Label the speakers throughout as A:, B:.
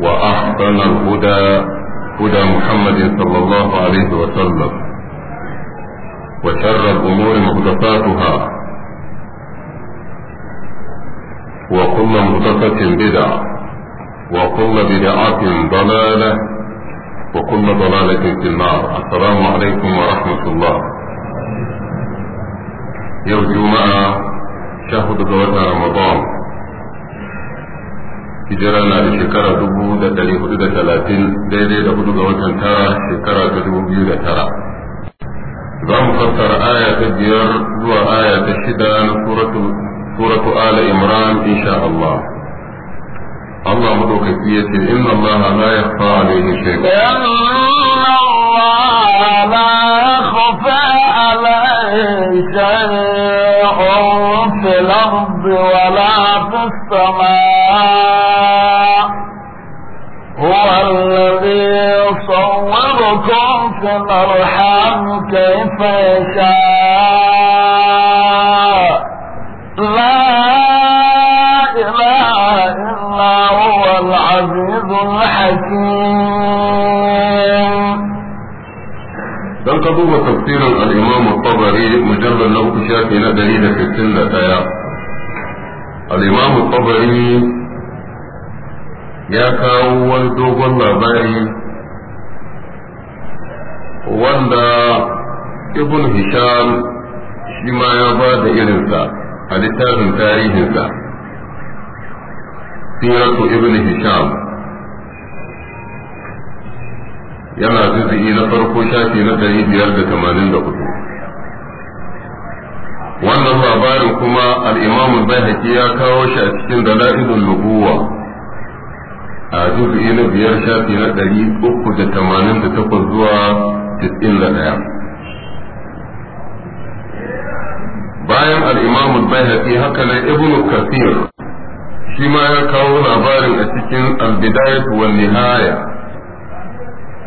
A: وأحسن الهدى هدى محمد صلى الله عليه وسلم وشر الأمور محدثاتها وكل محدثة بدعة وكل بدعة ضلالة وكل ضلالة في النار السلام عليكم ورحمة الله يرجو جمعة شهد رمضان hijira na da shekara dubu da ɗari hudu da talatin daidai da hudu ga watan tara shekara ta dubu biyu da tara za mu fassara aya ta biyar zuwa aya ta shida na suratu ala imran insha Allah Allah madaukaki ya ce inna Allah la yakhfa alayhi shay'un
B: inna Allah la yakhfa alayhi shay'un الأرض ولا في السماء هو الذي يصوركم في الأرحام كيف يشاء لا إله إلا هو العزيز
A: الحكيم dan ka duba tafsirin al-Imam al-Tabari mujallal na uku fitin na 161 al-Imam tabari ya kawo wani dogon labari wanda ibn Hisham shi ma ya ba da irinsa a littafin tarihinsa siratu ibn Hisham yana zuzi na farko shafi na ɗari biyar da tamanin da hudu wannan labarin kuma al'imamun bai ya kawo shi a cikin dala'idun lubuwa a juzu'i na biyar shafi na ɗari uku da tamanin da takwas zuwa tis'in da ɗaya bayan al'imamun bai haka na ibn kafir shi ma ya kawo labarin a cikin albidayat wa nihaya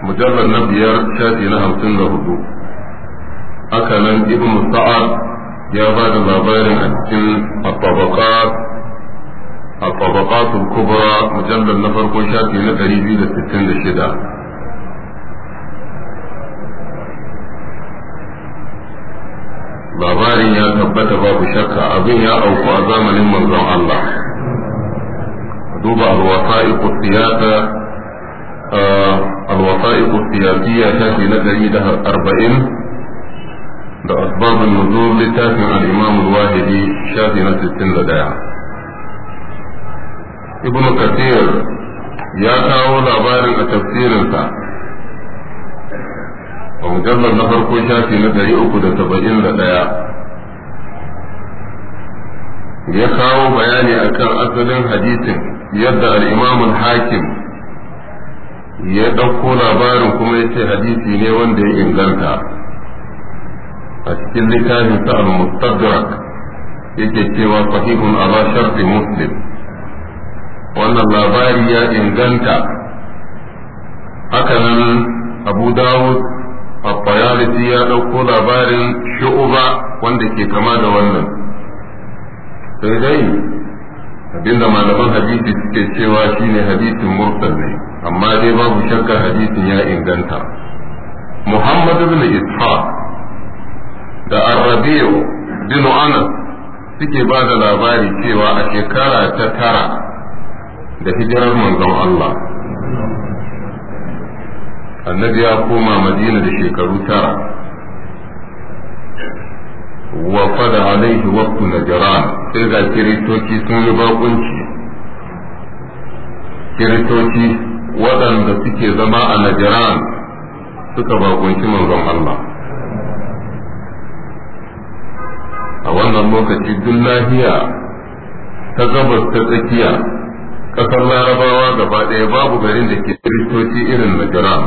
A: mujallar na biyar shafi na hamsin da hudu haka nan ibn ya ba da labarin a cikin at-tabaqat at-tabaqat al-kubra mujallar na farko shafi na 266 labarin ya tabbata babu shakka abin ya auku a zamanin manzon Allah duba al-wasa'iq الوثائق السياسية تاتي نقري لها أربعين بأسباب النزول لتاتي عن الإمام الواهدي شافي نفس السن لدايا ابن كثير يا كاو لابار التفسير انت ومجلد نفر كو شافي نقري أكد سبعين لدايا ya kawo bayani akan asalin hadisin yadda al-imamul hakim ya ɗauko labarin kuma ya ce hadisi ne wanda ya inganta a cikin littafin sa al-mustadrak yake cewa sahihun ala sharti muslim wannan labari ya inganta hakanan abu dawud al-tayalisi ya ɗauko labarin shu'uba wanda ke kama da wannan sai dai abinda malaman hadisi suke cewa shine hadisin mursal ne amma dai babu shakka hadisin ya inganta muhammad ibn ishaq da arrabiyo bin anas suke ba da labari cewa a shekara ta tara da hijirar manzon Allah annabi ya koma madina da shekaru tara wa fada alaihi na najara sai ga kiristoci sun yi bakunci kiristoci waɗanda suke zama a najiran suka bakunci manzon Allah a wannan lokaci duk lahiya ta gabas ta tsakiya ƙasar larabawa gaba ɗaya babu garin da ke kiristoci irin najiran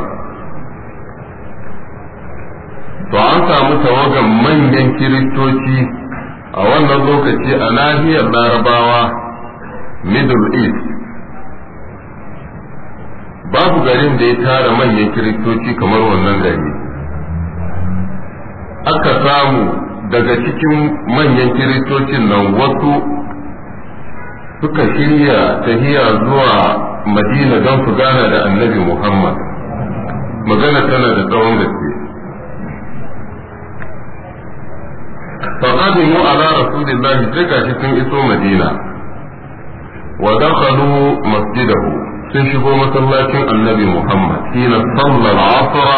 A: to an samu tawagan manyan kiristoci a wannan lokaci a nahiyar larabawa middle east babu garin da ya tara manyan kiristoci kamar wannan gari aka samu daga cikin manyan kiristocin nan wasu suka shirya tahiya zuwa madina don su gana da annabi muhammad magana tana da tsawon gaske fa qadimu ala rasulillahi sai gashi sun iso madina wa dakhalu masjidahu sun shigo masallacin annabi muhammad hina salla al-asr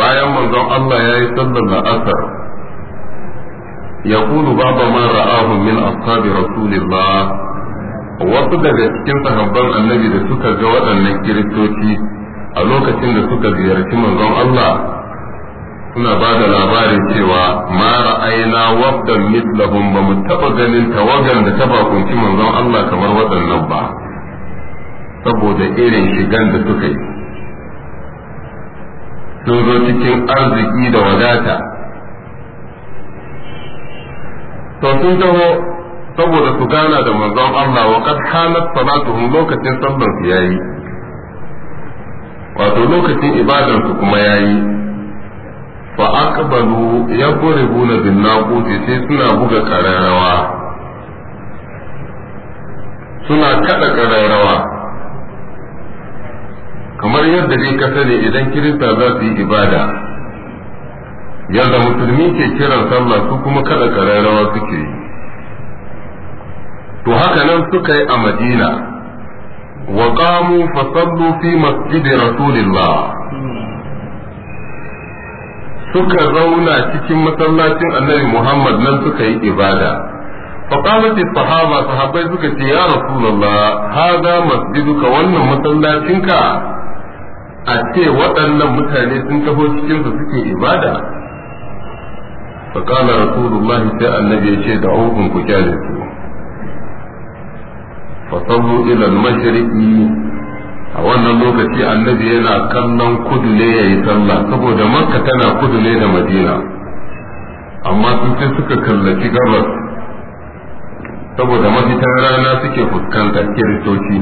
A: bayan manzon Allah ya yi sallar la'asar, ya yaqulu baba man ra'ahu min ashabi rasulillah wasu daga cikin sahabban annabi da suka ga waɗannan kiristoci a lokacin da suka ziyarci manzon Allah suna ba da labarin cewa ma ra'ayina wabdan mislahum ba mu taba ganin tawagan da ta bakunci manzon Allah kamar waɗannan ba saboda irin shigan da suka yi sun zo cikin arziki da wadata to sun taho saboda su gana da manzon Allah wa kad halat salatuhum lokacin sallar su yayi wato lokacin ibadarsu kuma yayi fa aqbalu yaqribuna bin naquti sai suna buga kararrawa suna kada kararrawa kamar yadda dai ka sani idan kirista za su yi ibada yadda musulmi ke kiran sallah su kuma kada kararrawa suke yi to haka nan suka yi a madina wa qamu sallu fi masjidi rasulillah suka zauna cikin masallacin annabi Muhammad nan suka yi ibada faqalati sahaba sahabbai suka ce ya rasulullah hada masjiduka wannan masallacinka a ce waɗannan mutane sun taho cikin su suke ibada faqala rasulullah sai annabi ya ce da ku kyale su fasallu ila al-mashriqi a wannan lokaci annabi yana kallon kudu ne ya yi sallah saboda makka tana kudu ne da madina amma sun sai suka kallaci gabas saboda mafitan rana suke fuskanta kiristoci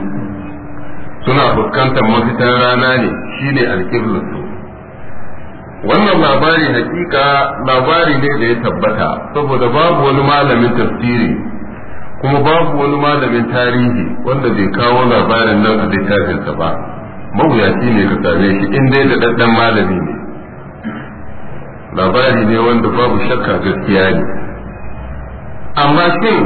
A: suna fuskantar mafitan rana ne shine alkiblarsu wannan labari hakika labari ne da ya tabbata saboda babu wani malamin tafsiri kuma babu wani malamin tarihi wanda bai kawo labarin nan a littafinsa ba mawuyaci ne ka same shi in dai da daddan malami ne labari ne wanda babu shakka gaskiya ne amma shin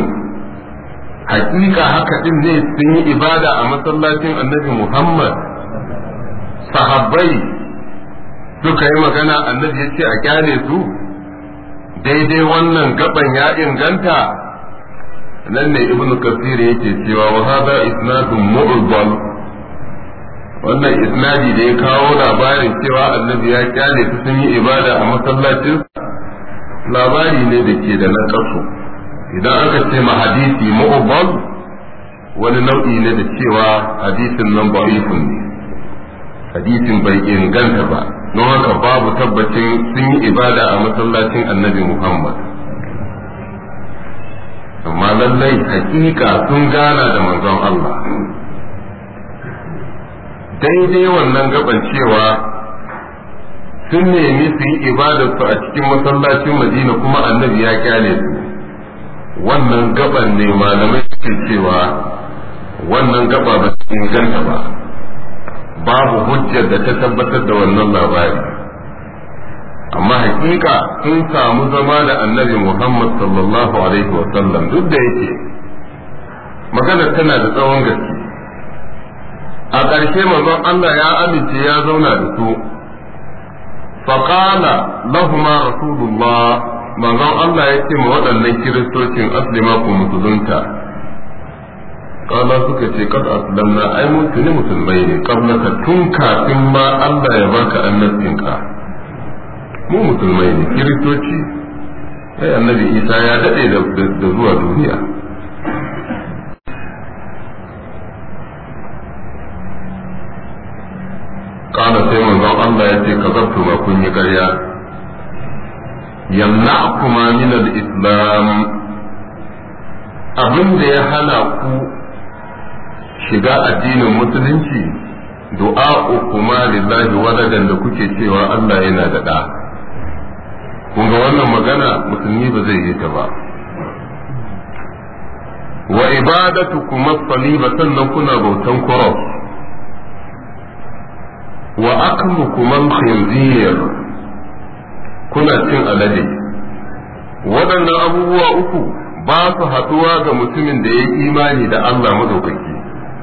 A: hakika haka din ne sun yi ibada a masallacin annabi muhammad sahabbai suka yi magana annabi ya ce a kyale su daidai wannan gaban ya inganta nan ne ibnu kasiri yake cewa wa hada isnadun mu'dhal wannan isnadi da ya kawo labarin cewa annabi ya kyale su sun yi ibada a masallacin labari ne da ke da nakasu idan aka ce ma hadisi mu'dhal wani nau'i ne da cewa hadisin nan da'ifun ne hadisin bai inganta ba don haka babu tabbacin sun yi ibada a masallacin annabi muhammad amma lallai hakika sun gana da manzon Allah daidai wannan gaban cewa sun nemi su yi ibadarsu a cikin masallacin madina kuma annabi ya kyale su wannan gaban ne malamai suke cewa wannan gaba ba inganta ba babu hujjar da ta tabbatar da wannan labari amma hakika sun samu zama da annabi Muhammad sallallahu alaihi wa sallam duk da yake magana tana da tsawon gaske a ƙarshe mazan Allah ya amince ya zauna da su faƙala lahuma rasulullah mazan Allah ya ce ma waɗannan kiristocin aslima ku musulunta kala suka ce kad aslamna ai mun musulmai ne ka tun kafin ma Allah ya baka ka. mu musulmai ne kiristoci sai annabi isa ya daɗe da zuwa duniya kana sai manzon Allah ya ce kazabtu ba kun yi ƙarya kuma min al-islam abin da ya hana ku shiga addinin musulunci du'a kuma lillahi wadadan da kuke cewa Allah yana da da'a Kuma wannan magana musulmi ba zai yi ta ba wa ibadatu kuma saliba sannan kuna bautan kurof wa aklu kuma khinziyar kuna cin alade waɗannan abubuwa uku ba su haɗuwa ga mutumin da ya imani da Allah madaukaki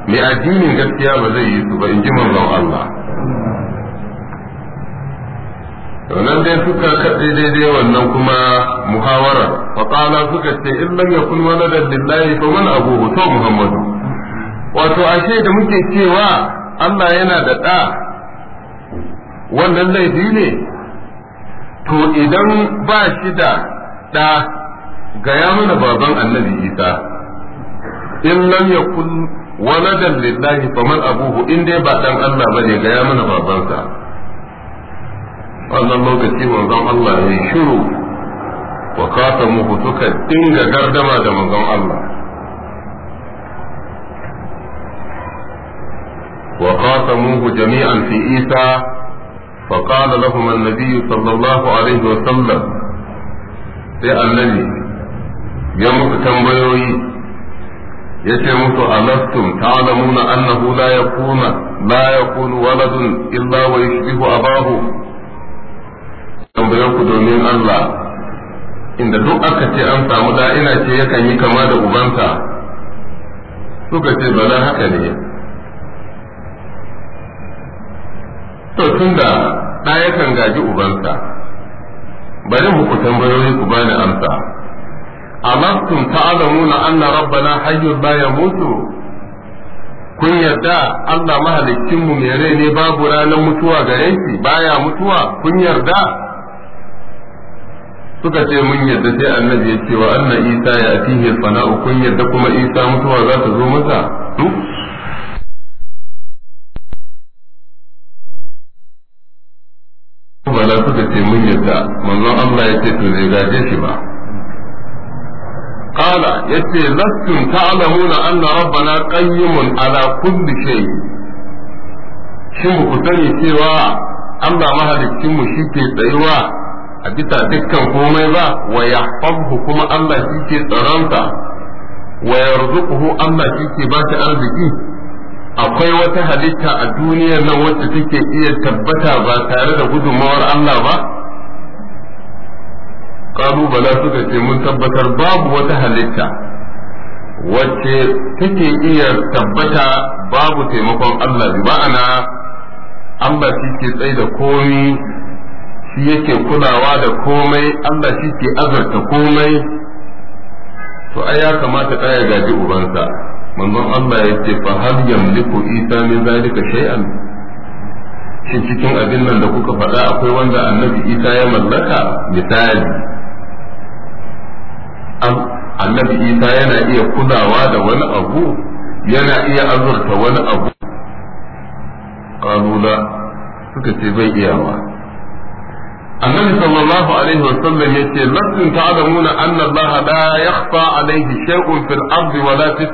A: mai addinin gaskiya ba zai yi su ba in ji manzon Allah nan dai suka kaɗe daidai wannan kuma muhawara faƙala suka ce in lam yakun waladan lillahi fa man abuhu to muhammadu wato ashe da muke cewa Allah yana da ɗa wannan laifi ne to idan ba shi da ɗa gaya mana baban annabi isa in lam yakun waladan lillahi fa man abuhu in dai ba dan Allah bane gaya mana babansa wannan lokaci manzon Allah ya shiru wa muku suka dinga gardama da manzon Allah wa muku jami'an fi Isa فقال لهم النبي صلى الله عليه وسلم sai annabi ya musu tambayoyi ya ce musu alastum ta'lamuna annahu la yakuna la waladun illa wa yushbihu tambayar ku domin Allah inda duk aka ce an samu da ina ce yakan yi kama da ubanta, suka ce bala haka ne to tun da yakan gaji ubansa bari mu ku tambayoyi ku bani amsa alastum ta'lamuna anna rabbana hayyun la yamutu kun yarda Allah mahaliccin mu mai ne babu ranar mutuwa gare shi baya mutuwa kun yarda suka ce mun yadda sai annabi ya ce wa anna isa ya atihi sana'u kun yadda kuma isa mutuwa za ta zo masa hmm? bala suka ce mun yadda manzon Allah ya ce to zai gaje shi ba qala yace lastum ta'lamuna anna rabbana qayyimun ala kulli shay shin ku sani cewa Allah mahaliccin mu shike tsayuwa a bisa dukkan komai ba wa yahfazhu kuma Allah shi ke tsaronsa wa yarzuquhu Allah shi ke ba shi arziki akwai wata halitta a duniya nan wacce take iya tabbata ba tare da gudunmawar Allah ba kalu bala suka ce mun tabbatar babu wata halitta wacce take iya tabbata babu taimakon Allah ana ma'ana Allah shi ke tsaye da komi shi yake kulawa da komai Allah shi ke azarta komai to ai ya kamata ka ya gaji ubansa manzon Allah ya ce fa hal yamliku isa min zalika shay'an shin cikin abin nan da kuka faɗa akwai wanda annabi isa ya mallaka misali annabi isa yana iya kulawa da wani abu yana iya azurta wani abu ƙalula suka ce bai iyawa annabi sallallahu alaihi wa sallam yace lasin ta'lamuna anna Allah la yakhfa alaihi shay'un fil ardi wa la fis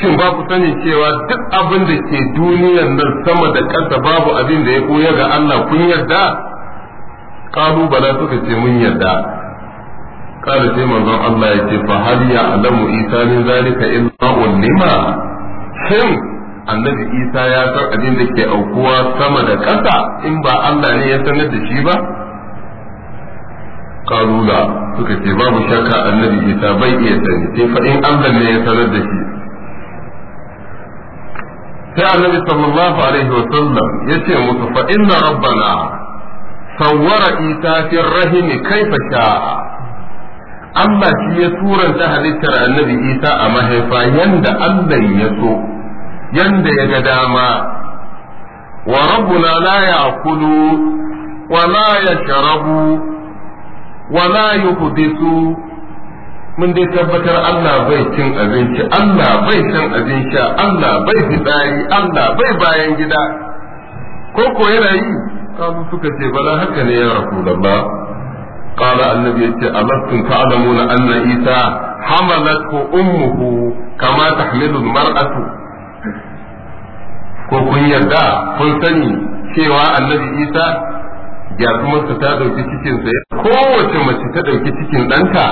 A: shin ba ku sani cewa duk abin da ke duniyar nan sama da ƙasa babu abin da ya koya ga Allah kun yarda kalu bala suka ce mun yarda Kada sai manzon Allah ce, fa hal ya alamu isa min zalika illa ulima shin annabi isa ya san abin da ke aukuwa sama da ƙasa in ba allah ne ya sanar da shi ba kalula suka ce babu shakka annabi isa bai iya sani sai fa in allah ne ya sanar da shi sai annabi sallallahu alaihi wa sallam ya ce musu fa inna rabbana sawwara isa fi rahimi kaifa sha'a Allah shi ya turanta halittar annabi Isa a mahaifa yanda Allah ya so yanda ya ga dama wa rabbuna la ya'kulu wa la yashrabu wa la yuhdithu mun dai tabbatar Allah bai cin abinci Allah bai cin abin sha Allah bai fitsari Allah bai bayan gida ko ko yana yi kamu suka ce bala haka ne ya rasulullah qala annabi yace alastum ta'lamuna anna isa hamalathu ummuhu kama tahmilu Mar'atu. ko kun yarda kun sani cewa annabi isa gyatumarsa ta ɗauki cikinsa sai kowace mace ta ɗauki cikin ɗanta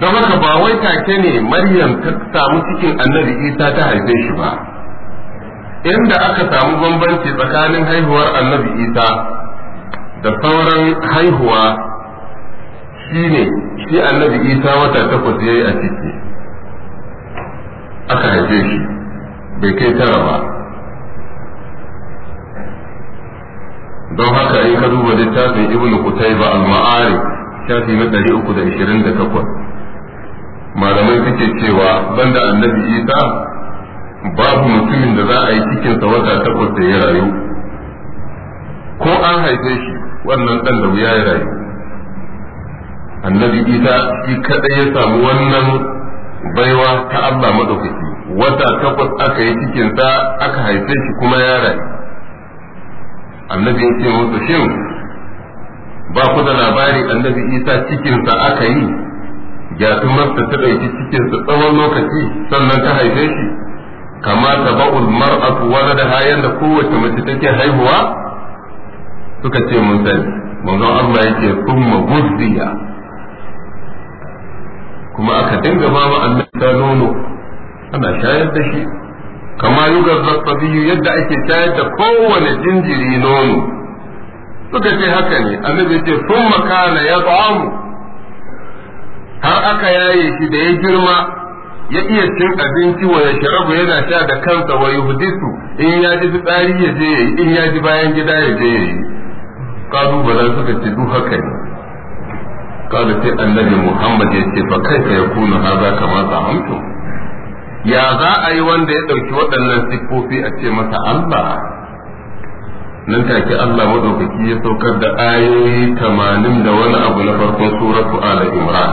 A: don haka ba wai take ne maryam ta samu cikin annabi isa ta haife shi ba inda aka samu bambanci tsakanin haihuwar annabi isa da sauran haihuwa shine shi annabi isa wata takwas ya yi a ciki aka haife shi bai kai tara ba don haka in ka duba littafin ibnu kutai al-ma'ari shafi na 328 malamai suke cewa banda annabi isa babu mutumin da za a yi cikinsa wata takwas da ya rayu ko an haife shi wannan dan da wuya ya rayu annabi isa shi kadai ya samu wannan baiwa ta Allah madaukaki wata takwas aka yi cikinsa aka haife shi kuma ya rai. annabi ya ce shin ba ku da labari annabi isa cikinsa aka yi gyatumarsa ta cikin cikinsa tsawon lokaci sannan ta haife shi kama ta ba'ul mar'atu da hayan da kowace mace take haihuwa suka ce mun sani manzon Allah yake summa guzziya kuma aka dinga ba ma annabi ta nono ana shayar da shi kama yugar biyu yadda ake shayar da kowane jinjiri nono suka ce haka ne annabi ce sun makana ya tsamu har aka yaye shi da ya girma ya iya cin abinci wa ya sharabu yana sha da kansa wa yuhdisu in ya ji fitsari ya je yayi in ya ji bayan gida ya je yayi kalu ba suka ce duk haka ne Muhammad ya سي النبي محمد ka فكيف يكون هذا كما زعمتم يا ذا أي وان دي دوكي ودن سيكوفي أتي مسا الله nan take Allah madaukaki ya saukar da ayoyi tamanin da wani abu na farkon suratu ala imran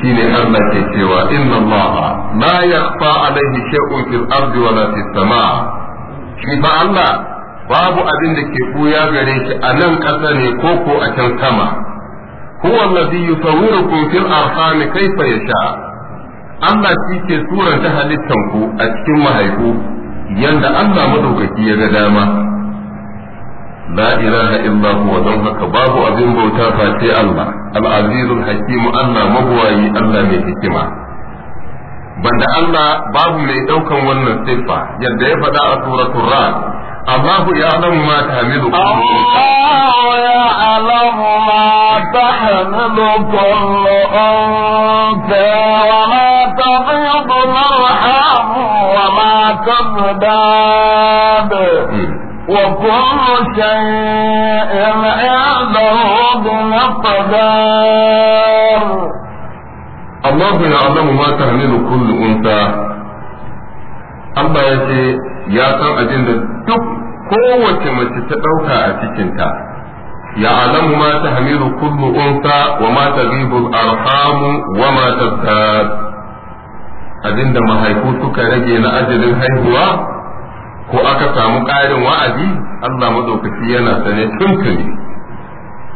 C: shine Allah ke cewa inna Allah
A: la yakhfa alayhi shay'un fil ardi wala shi fa Allah babu abin da ke buya gare shi a nan ƙasa ne ko ko a can sama huwa allazi yusawwirukum fil arham kayfa yasha Allah shi ke ta halittan ku a cikin mahaifu yanda Allah madaukaki ya ga dama la ilaha illa huwa don haka babu abin bauta face Allah al-azizul hakim Allah magwayi Allah mai hikima banda Allah babu mai ɗaukan wannan siffa yadda ya faɗa a suratul ra الله يعلم ما تحمل الله
B: يعلم ما تحمل كل أنثى وما تغيض الأرحام وما تزداد وكل شيء عنده بمقدار
A: الله يعلم ما تحمل كل أنثى الله يا san abin da duk kowace mace ta ɗauka a cikinta ya alamu ma ta hamilu kullu unsa wa ma ta zibul arhamu wa ma ta abinda mahaifu suka rage na ajalin haihuwa ko aka samu ƙarin wa'azi Allah madaukaki yana sane tuntuni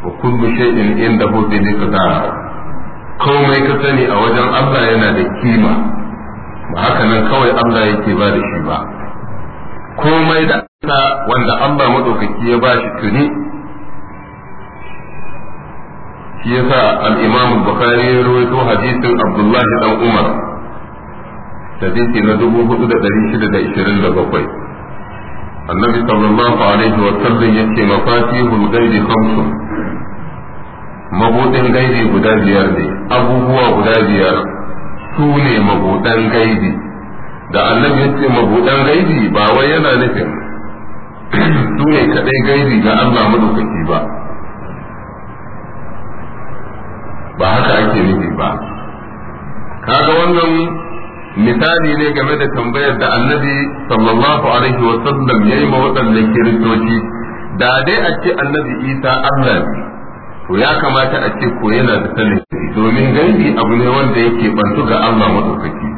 A: wa kullu shay'in inda hu bi komai ka sani a wajen Allah yana da kima ba haka nan kawai Allah yake ba da shi ba komai da ta wanda Allah madaukaki ya bashi tuni shi yasa al-Imam Bukhari ya rawaito hadisin Abdullah dan Umar hadisi na 4627 annabi sallallahu alaihi wa sallam yace mafatihul ghaibi khamsu mabudin ghaibi guda biyar ne abubuwa guda biyar su ne mabudan ghaibi da annabi ya ce mabudan gaibi ba wai yana nufin su ne kadai gaibi ga Allah madaukaki ba ba haka ake nufi ba kaga wannan misali ne game da tambayar da annabi sallallahu alaihi wa sallam yayi ma waɗannan kiristoci da dai a ce annabi isa Allah ne to ya kamata a ce ko yana da sanin domin gaibi abu ne wanda yake bantu ga Allah madaukaki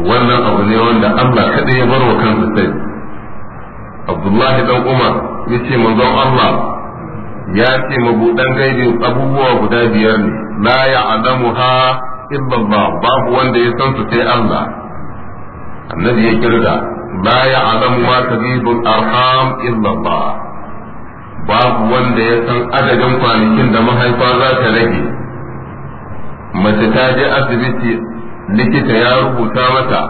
A: wannan abu ne wanda Allah kaɗai ya bar wa kansa sai Abdullahi dan Umar ya ce Allah ya ce mabudan gaibi abubuwa guda biyar ne la ha illa Allah babu wanda ya san su sai Allah annabi ya kirga la ya'lamu ma tabibul arham illa Allah babu wanda ya san adadin kwanakin da mahaifa za ta rage mace ta je asibiti likita ya rubuta mata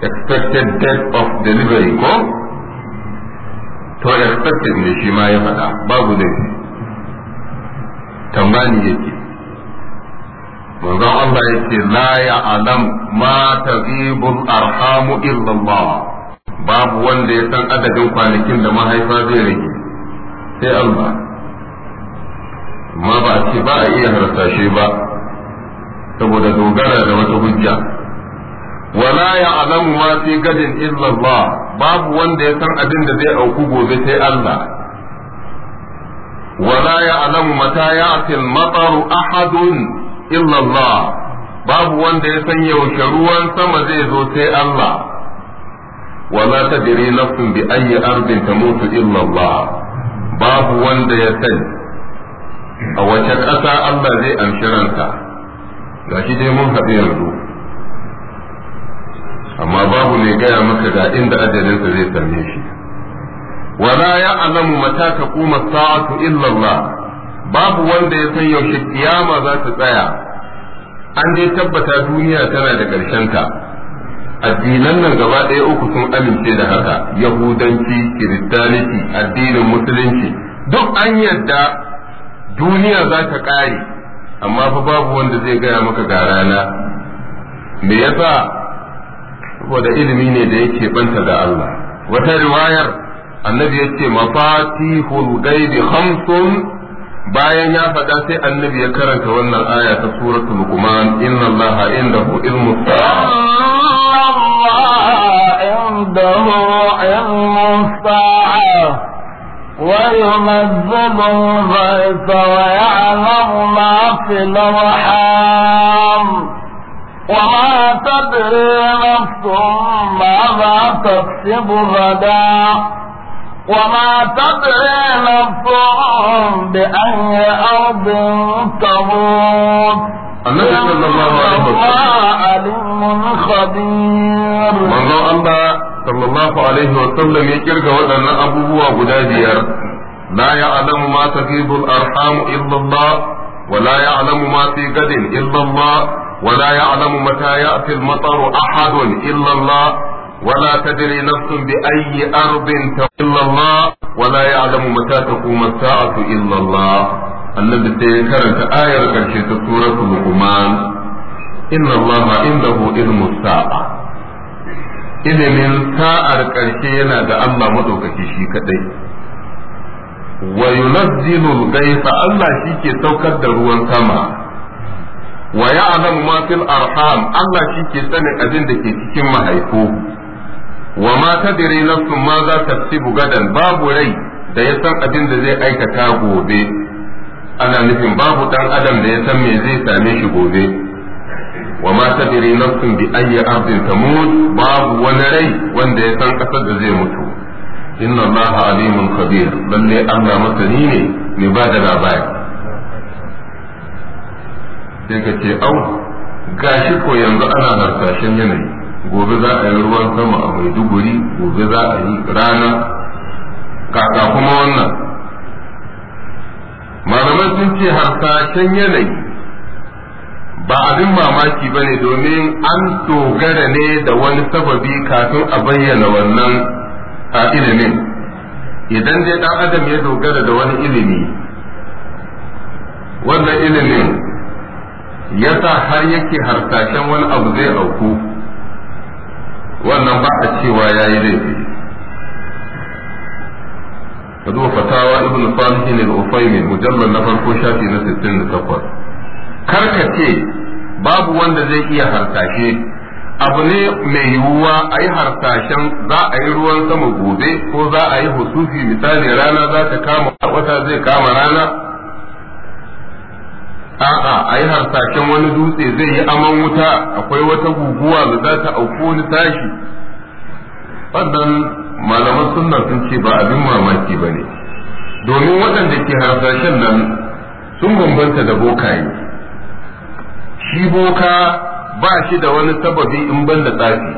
A: expected date of delivery ko to expected ne shi ma ya faɗa babu laifi tambani yake manzon Allah ya la ya alam ma tazibul arhamu illa Allah babu wanda ya san adadin kwanakin da mahaifa zai rage sai Allah amma ba a ce ba a iya harsashe ba saboda dogara da wata hujja wala ya'lamu ma fi gadin illa Allah babu wanda ya san abin da zai auku gobe sai Allah wala ya alamu mata ya al-matar ahadun illa Allah babu wanda ya san yaushe ruwan sama zai zo sai Allah wala tadri nafsun bi ayyi ardin tamutu illa Allah babu wanda ya sani a wace ƙasa Allah zai amshi ranka ga shi dai mun haɗu yanzu amma babu mai gaya maka ga inda ajalinsa zai same shi wala ya'lamu mata taquma as-sa'atu illa Allah babu wanda ya san yaushe kiyama za ta tsaya an dai tabbata duniya tana da ƙarshen ta addinan nan gaba ɗaya uku sun amince da haka yahudanci kiristaniti addinin musulunci duk an yadda duniya za ta ƙare amma fa babu wanda zai gaya maka ga rana me yasa saboda ilimi ne da yake banta da Allah wata riwayar annabi ya ce mafatihul gaibi khamsun bayan ya faɗa sai annabi ya karanta wannan aya ta suratul luqman inna allaha indahu ilmus
B: sa'a indahu sa'a ويمذب الضيف ويعلم ما في الارحام وما تدري نفس ماذا تكسب غدا
A: وما تدري نفس
B: بأي أرض تموت
C: الله sallallahu alaihi الله
B: Allah alimun الله
C: Manzo sallallahu alaihi wa sallam ya kirga waɗannan abubuwa guda biyar
A: la ya'lamu ma tafidu al-arham illa Allah wa la ya'lamu ma fi gadin illa Allah wa la ya'lamu mata ya'ti al-mataru ahadun illa Allah ولا تدري نفس بأي أرض إلا الله ولا يعلم متى تقوم الساعة إلا karanta ayar karshe ta كرشة سورة Inna إن الله عنده علم الساعة ilimin sa'ar ƙarshe yana da Allah maɗaukaki shi kaɗai wa yunazzilul gaisa Allah shi ke saukar da ruwan sama wa ya'lamu ma fil arham Allah shi ke sanin abin da ke cikin mahaifu wa ma tadri nafsun ma za ta gadan babu rai da ya san abin da zai aikata gobe ana nufin babu ɗan adam da ya san me zai same shi gobe wa ma tadri nafsun bi ayyi ardin tamut babu wani rai wanda ya san kasar da zai mutu inna allaha alimun khabir lalle Allah masani ne mai ba da labari sai ce au gashi ko yanzu ana harsashen yanayi gobe za a yi ruwan sama a maiduguri gobe za a yi rana kaka kuma wannan malamai sun ce harsashen yanayi ba abin mamaki ba ne domin an dogara ne da wani sababi kafin a bayyana wannan a ilimin idan dai ɗan adam ya dogara da wani ilimi wannan ilimin ya sa har yake harsashen wani abu zai auku wannan ba a cewa ya yi laifi ka zuwa fatawa ibn salihin al-ufaymin mujallal na farko shafi na 68 ka ce babu wanda zai iya harsashe abu ne mai yiwuwa a yi harsashen za a yi ruwan sama gobe ko za a yi hususi misali rana za ta kama wata zai kama rana a'a a yi harsashen wani dutse zai yi aman wuta akwai wata guguwa da za ta auku wani tashi wannan malaman sunna sun ce ba abin mamaki ba ne domin waɗanda ke harsashen nan sun bambanta da bokaye shi boka ba shi da wani sababi in ban da tsafi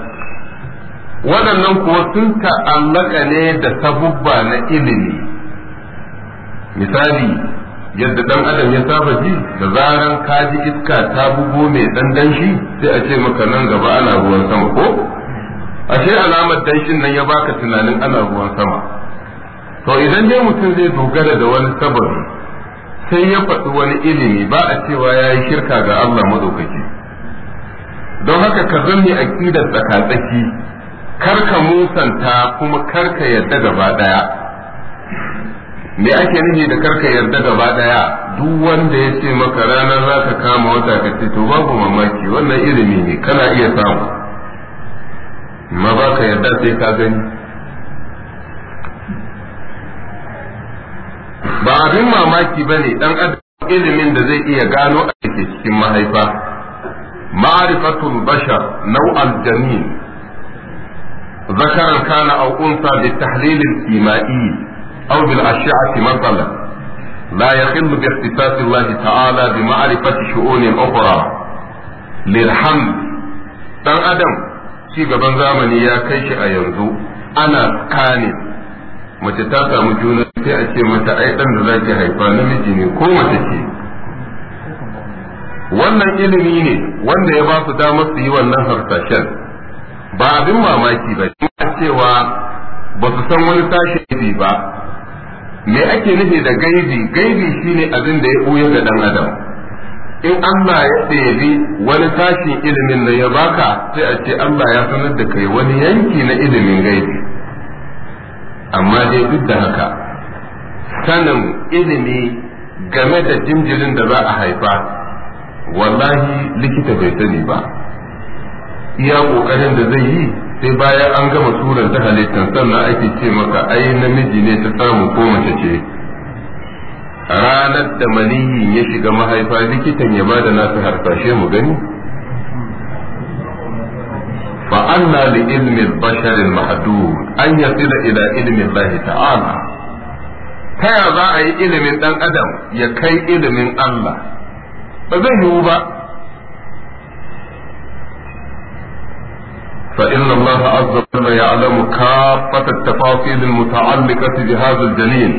A: waɗannan kuwa sun ta'allaka ne da sabubba na ilimi misali yadda dan adam ya saba ji da zaran kaji iska ta bugo mai dandan shi sai a ce maka nan gaba ana ruwan sama ko ashe alamar danshin nan ya baka tunanin ana ruwan sama to idan dai mutum zai dogara da wani sababi sai ya faɗi wani ilimi ba a cewa ya yi shirka ga Allah maɗaukaki don haka ka zanni ƙidar tsakatsaki kar musanta kuma karka ka yarda gaba ɗaya me ake nufi da karka yarda gaba ɗaya duk wanda ya ce maka ranar za ka kama wata ka ce to babu mamaki wannan ilimi ne kana iya samu ma ba ka yarda sai ka gani ba abin mamaki ba ne ɗan adam ilimin da zai iya gano a ke cikin mahaifa ma'arifatul bashar nau'al jamin zakaran kana aw unsa bi tahlilin al-kimai aw bil ash'ati mathalan la yakhillu bi ikhtisas Allah ta'ala bi ma'rifati shu'un ukhra lirham Ɗan dan adam ci gaban zamani ya kai shi a yanzu ana kanin mace ta samu juna sai a ce mata ai dan da zaki haifa namiji ne ko mace ce wannan ilimi ne wanda ya ba su damar su yi wannan harsashen ba abin mamaki ba cewa ba su san wani sashi ba me ake nufi da gaibi gaibi shine abin da ya buya ga ɗan adam in Allah ya ɗebi wani tashin ilimin da ya baka sai a ce Allah ya sanar da kai wani yanki na ilimin gaibi amma dai duk da haka sanin ilimi game da jinjirin da za a haifa wallahi likita bai sani ba iya kokarin da zai yi sai bayan an gama turan ta halittar sannan ake ce maka ai namiji ne ta samu ko mace ce ranar da maniyin ya shiga mahaifa likitan ya ba bada nasu harsashe mu gani فأنا لعلم البشر المحدود أن يصل إلى علم الله تعالى تيا ذا أي علم دان أدم يكي علم الله فزي هو فإن الله عز وجل يعلم كافة التفاصيل المتعلقة بهذا الجنين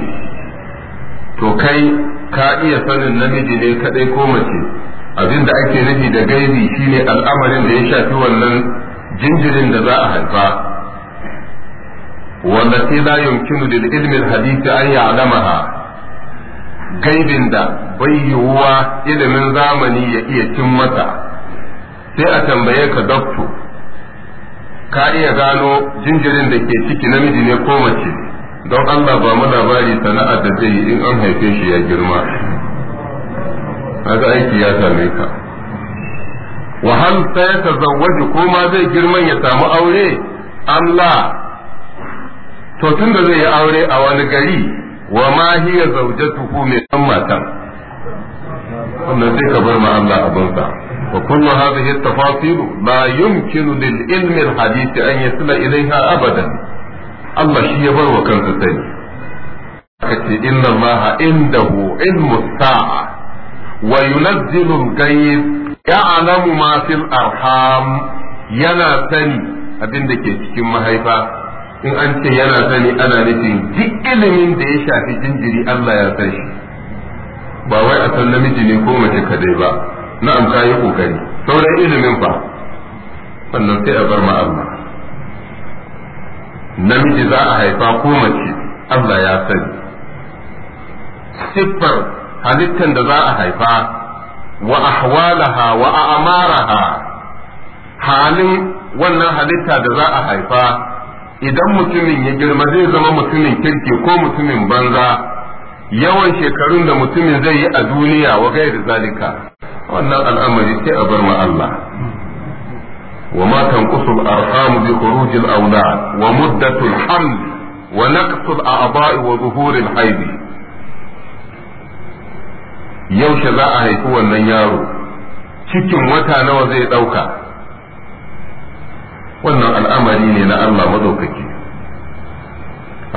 A: to kai ka iya sanin namiji ne kadai ko mace abinda ake nufi da gaibi shine al'amarin da ya shafi wannan jinjirin da za a haifa wanda sai la yumkinu lil ilmi al hadith an ya'lamaha gaibin da bai yiwuwa ilimin zamani ya iya cin mata sai a tambaye ka dokto ka iya gano jinjirin da ke ciki namiji ne ko mace don Allah ba mu labari sana'a da zai yi in an haife shi ya girma haka aiki ya same ka wa hal sai ta zawwaji ko ma zai girman ya samu aure Allah to tun da zai yi aure a wani gari wa ma hiya zawjatuhu mai san matan wannan sai ka bar ma Allah sa. wa kullu hadhihi at-tafasil la yumkinu lil ilmi al-hadith an yasla ilayha abadan Allah shi ya bar wa kansa sani kace inna Allah indahu ilmu sa'a wa yunazzilu al-ghayb ya'lamu ma fil arham yana sani abin da ke cikin mahaifa in an ce yana sani ana nufin duk ilimin da ya shafi jinjiri Allah ya san shi ba wai a san namiji ne ko mace kadai ba na'am ka yi kokari sauran ilimin fa wannan sai a bar ma Allah namiji za a haifa ko mace Allah ya sani siffar halittar da za a haifa wa ahwalaha wa a'maraha halin wannan halitta da za a haifa idan mutumin ya girma zai zama mutumin kirki ko mutumin banza yawan shekarun da mutumin zai yi a duniya wa gairi zalika wannan al'amari sai a bar ma Allah wa ma tanqusu al-arham bi khuruj al-awlad wa muddatu al-haml wa naqsu al-a'dha'i wa zuhur al yaushe za a haifi wannan yaro cikin wata nawa zai ɗauka wannan al'amari ne na Allah madaukaki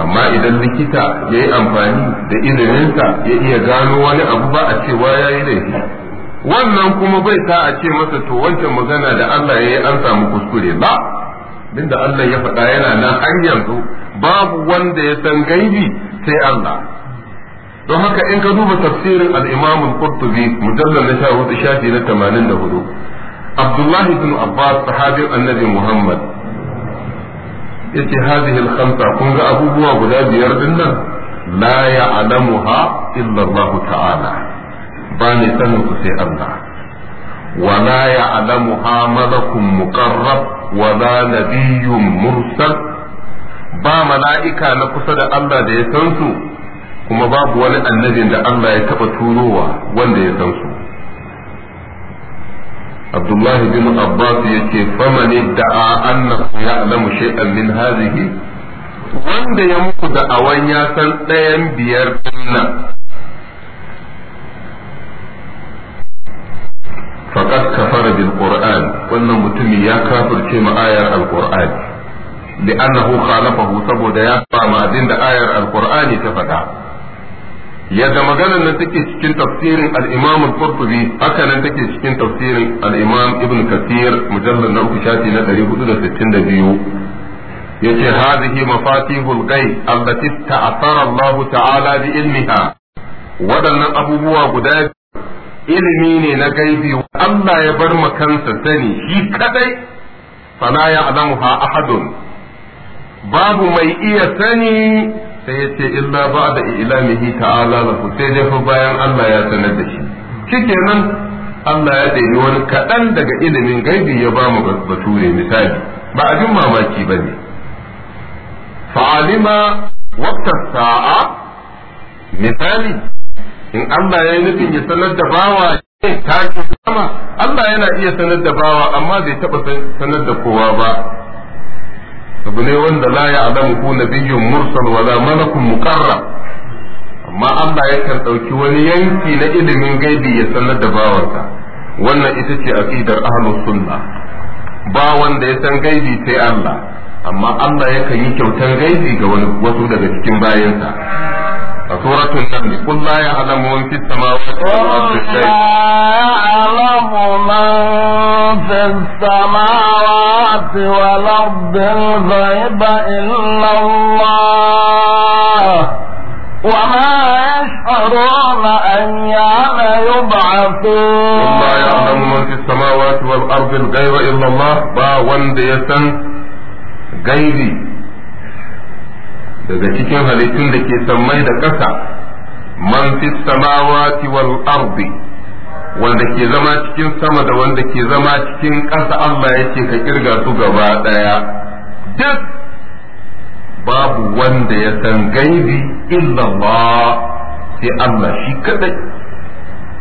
A: amma idan likita ya yi amfani da iliminsa ya iya gano wani abu ba a cewa ya yi laifi wannan kuma bai sa a ce masa to wancan magana da Allah ya yi an samu kuskure ba din da Allah ya faɗa yana nan har yanzu babu wanda ya san gaibi sai Allah don haka in ka duba tafsirin al-Imam al-Qurtubi mujallal na 14 shafi na 84 Abdullah ibn Abbas sahabin Annabi Muhammad yace hadhihi al-khamsa kun ga abubuwa guda biyar din nan la ya'lamuha illa Allah ta'ala ba ne sanin ku sai Allah ولا يعلمها ملك مقرب ولا نبي mursal ba mala'ika na kusa da Allah da ya san su kuma babu wani annabin da Allah ya taɓa turowa wanda ya san Abdullahi bin Abbas ya ce faman da'a annahu ya'lamu shay'an min hadhihi wanda ya muku da'awan ya san ɗayan biyar dinnan faqad kafara bil qur'an wannan mutumin ya kafirce ma ayar al qur'an لأنه خالفه saboda ya ma abin da ayar alkur'ani ta faɗa yadda maganar nan take cikin tafsirin al-Imam al-Qurtubi haka nan take cikin tafsirin al-Imam Ibn Kathir mujallal na uku shafi na 462 yace hadhihi mafatihul ghaib allati ta'athara Allah ta'ala bi ilmiha waɗannan abubuwa guda ilimi ne na gaibi Allah ya bar makansa sani shi kadai fala ya'lamuha ahadun babu mai iya sani sai ya ce illa ba ba'da ilamihi ta'ala lahu sai dai fa bayan Allah ya sanar da shi shikenan Allah ya ɗebi wani kaɗan daga ilimin gaibi ya ba mu batu bature misali ba abin mamaki ba ne fa'alima waktar sa'a misali in Allah ya yi nufin ya sanar da bawa ne ta sama Allah yana iya sanar da bawa amma bai taɓa sanar da kowa ba abu ne wanda la ya'lamu ku nabiyyun mursal wala malakun muqarrab amma Allah kan dauki wani yanki na ilimin gaibi ya sanar da bawarsa wannan ita ce aqidar ahlus sunna ba wanda ya san gaibi sai Allah amma Allah ya kan yi kyautan gaibi ga wani wasu daga cikin bayansa A suratun قل لا يعلم ya في السماوات والأرض الغيب لا يعلم
B: في السماوات والأرض الغيب إلا الله وما يشعرون أيام يبعثون وما
A: يعلم من في السماوات والأرض الغيب إلا الله با وند غيبي daga cikin halittun da ke sammai da ƙasa man fi samawati wal ardi wanda ke zama cikin sama da wanda ke zama cikin ƙasa Allah yake ka kirga su gaba ɗaya duk babu wanda ya san gaibi ba sai Allah shi kadai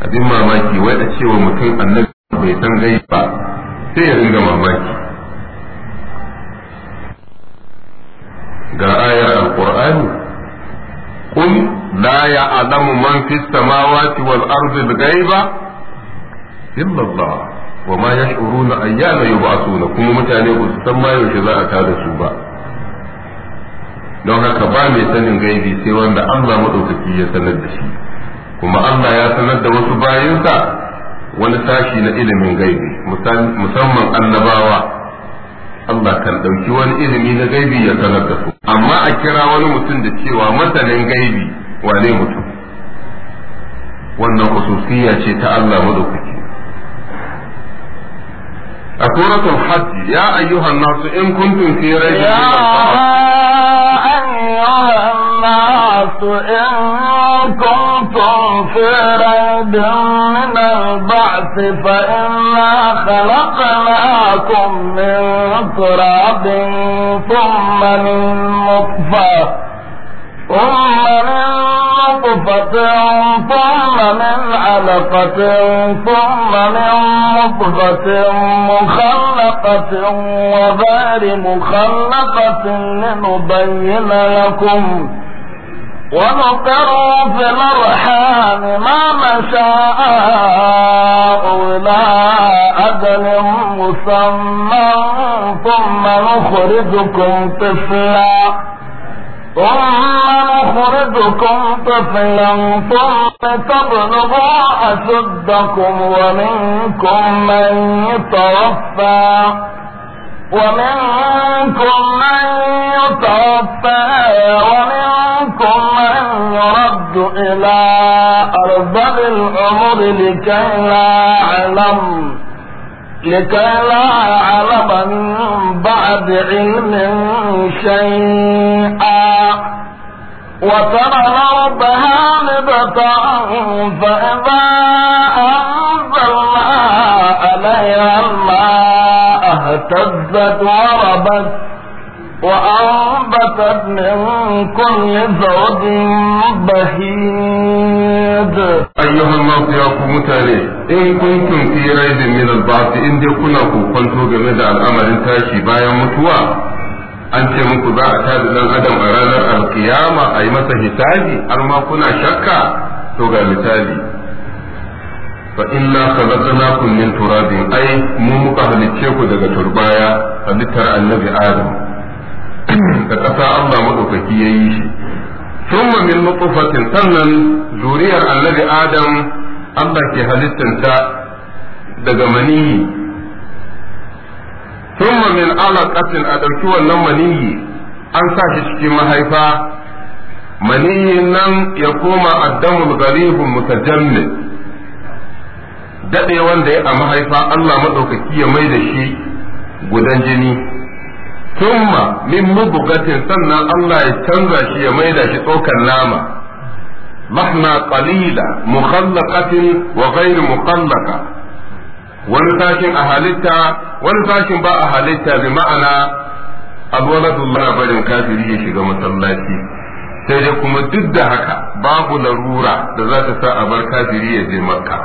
A: abin mamaki wai a cewa mutum annabi bai san gaibi ba sai ya ringa mamaki ga ayar alqur'ani قل لا يعلم من في السماوات والأرض الغيب illa Allah wa ma yash'uruna ayyana yub'athuna kuma mutane ba su san ma yaushe za a tada su ba don haka ba mai sanin gaibi sai wanda Allah madaukaki ya sanar da shi kuma Allah ya sanar da wasu bayinsa wani sashi na ilimin gaibi musamman annabawa Allah kan ɗauki wani ilimi na gaibi ya sanar da su amma a kira wani mutum da cewa masanin gaibi wane mutum wannan kususiya ce ta Allah madaukaki سورة الحج يا أيها الناس إن كنتم في ريب يا
B: أيها الناس إن كنتم في ريب من البعث فإنا خلقناكم من تراب ثم من نطفة ثم من نطفة ثم من علقة ثم من مطفة مخلقة وغير مخلقة لنبين لكم ونقر في الأرحام ما نشاء إلى أجل مسمى ثم نخرجكم طفلا
C: ثم نخرجكم
B: طفلا ثم تبلغوا أشدكم ومنكم من يتوفى ومنكم من يتوفى ومنكم من يرد إلى أرض العمر لكي لا يعلم لكي لا يعلم من بعد علم شيئا وترى ربها نبتا فإذا أنزلنا عليها الماء اهتزت وربت وأنبتت من كل زوج
A: بهيد أيها الناس يا أخو متالي إن كنتم في ريب من البعث إن دي كنا كنتم جميعا الأمر انتاشي بايا متواه an ce muku za a tada dan adam a ranar alkiyama a yi masa hisabi har ma kuna shakka to ga misali fa inna khalaqnakum min turabin ai mu muka halicce ku daga turbaya halittar annabi adam da kasa Allah madaukaki yayi shi thumma min nutfatin sannan zuriyar annabi adam Allah ke halittanta daga manihi thumma min alaqatin a ɗauki wannan maniyi an sa shi cikin mahaifa maniyin nan ya koma addamul gharibun mutajammid daɗe wanda ya a mahaifa Allah maɗaukaki ya mai da shi gudan jini thumma min mubugatin sannan Allah ya canza shi ya mai da shi tsokan nama Lahna qalila mukhallaqatin wa ghairu mukhallaqah wani sashin a halitta wani sashin ba a halitta bi ma'ana alwaladullah barin kafiri ya shiga masallaci sai dai kuma duk da haka babu larura da za ta sa a bar kafiri ya je makka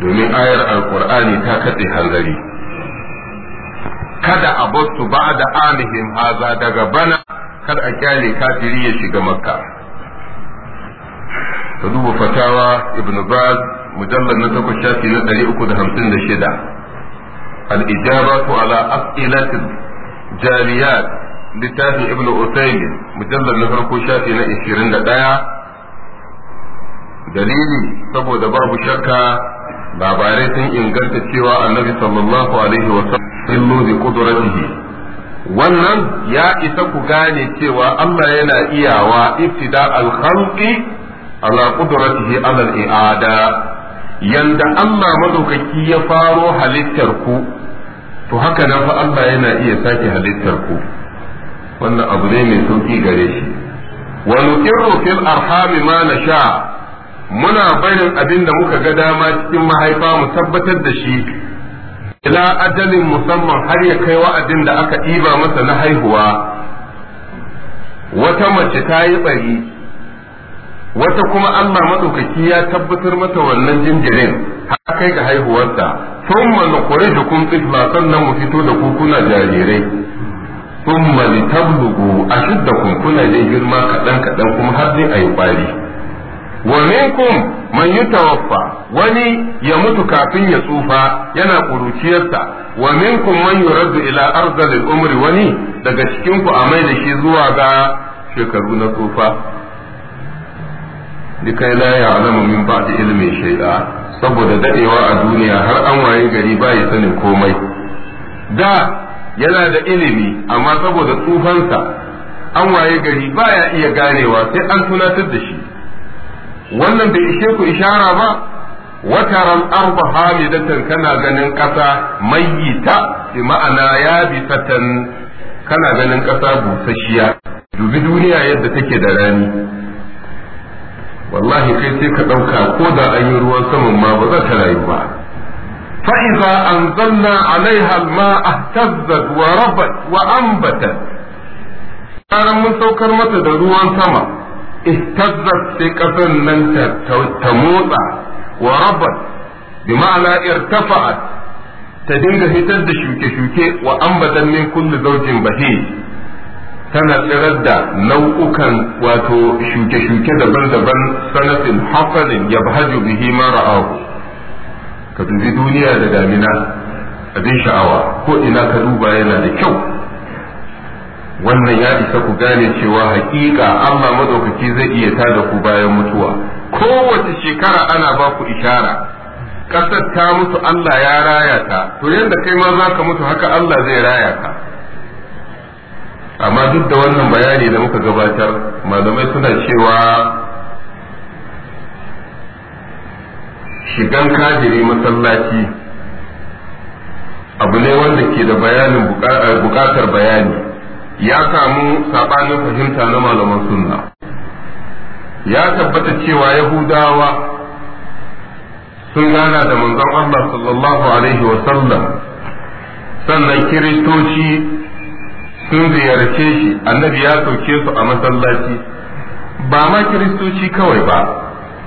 A: domin ayar alkur'ani ta katse hanzari kada a bar ba da amihim haza daga bana kar a kyale kafiri ya shiga makka ka duba fatawa ibn baz mujallar na takwas shafi na ɗari uku da hamsin da shida al'ijabatu ala as'ilatin jariyat littafin ibn usaymin mujallar na farko shafi na ishirin da ɗaya dalili saboda babu shakka labarai sun inganta cewa annabi sallallahu alaihi wa sallam wannan ya isa ku gane cewa Allah yana iyawa ibtida al-khalqi ala qudratihi ala al-i'ada yanda Allah madaukaki ya faro halittar ku to haka nan fa Allah yana iya sake halittar ku wannan abu ne mai sauki gare shi wa nuqirru fil arhami ma Sha muna barin abin da muka ga dama cikin mahaifa mu tabbatar da shi ila ajalin musamman har ya kai wa'adin da aka ɗiba masa na haihuwa wata mace ta yi tsari wata kuma Allah madaukaki ya tabbatar mata wannan jinjirin har kai ga haihuwarsa da kun tsifla sannan mu fito da ku kuna jarirai thumma litablugu ashuddakum kuna dai girma kadan kadan kuma har dai ayi kwari wa kun man yutawaffa wani ya mutu kafin ya tsufa yana kuruciyarsa wa minkum man yuraddu ila arzalil umri wani daga cikin ku a mai da shi zuwa ga shekaru na tsufa likai la ya'lamu min ba'di ilmin shay'a saboda dadewa a duniya har an waye gari ba ya sanin komai da yana da ilimi amma saboda tsufansa an waye gari ba ya iya ganewa sai an tunatar da shi wannan bai ishe ku ishara ba wataran arba hamidatan kana ganin ƙasa mayyita bi ma'ana ya bi bisatan kana ganin ƙasa busasshiya dubi duniya yadda take da rani wallahi kai sai ka ɗauka ko da an yi ruwan saman ma ba za ta rayu ba fa'iza an zanna alaiha ma ahtazzat wa rabat wa ambatat ranar mun saukar mata da ruwan sama ihtazzat sai ƙasar nan ta motsa wa rabat bi ma'ana irtafa'at ta dinga fitar da shuke-shuke wa ambatan min zaujin Bahin. tana tsirar da nau'ukan wato shuke-shuke daban-daban sanatin hafalin ya hajji bihi mara ra'ahu ka dubi duniya da damina abin sha'awa ko ina ka duba yana da kyau wannan ya isa ku gane cewa hakika Allah madaukaki zai iya ta da ku bayan mutuwa kowace shekara ana ba ku ishara ƙasar ta mutu Allah ya raya ta to yadda kai ma za ka mutu haka Allah zai raya ka amma duk da wannan bayani da muka gabatar malamai suna cewa shigan kajiri masallaci abu ne wanda ke da bayanin eh, bukatar bayani ya samu saɓanin fahimta na malaman sunna ya tabbata cewa yahudawa sun gana da manzon Allah sallallahu alaihi sallam sannan kiristoci sun ziyarce shi annabi ya sauke su a masallaci ba ma kiristoci kawai ba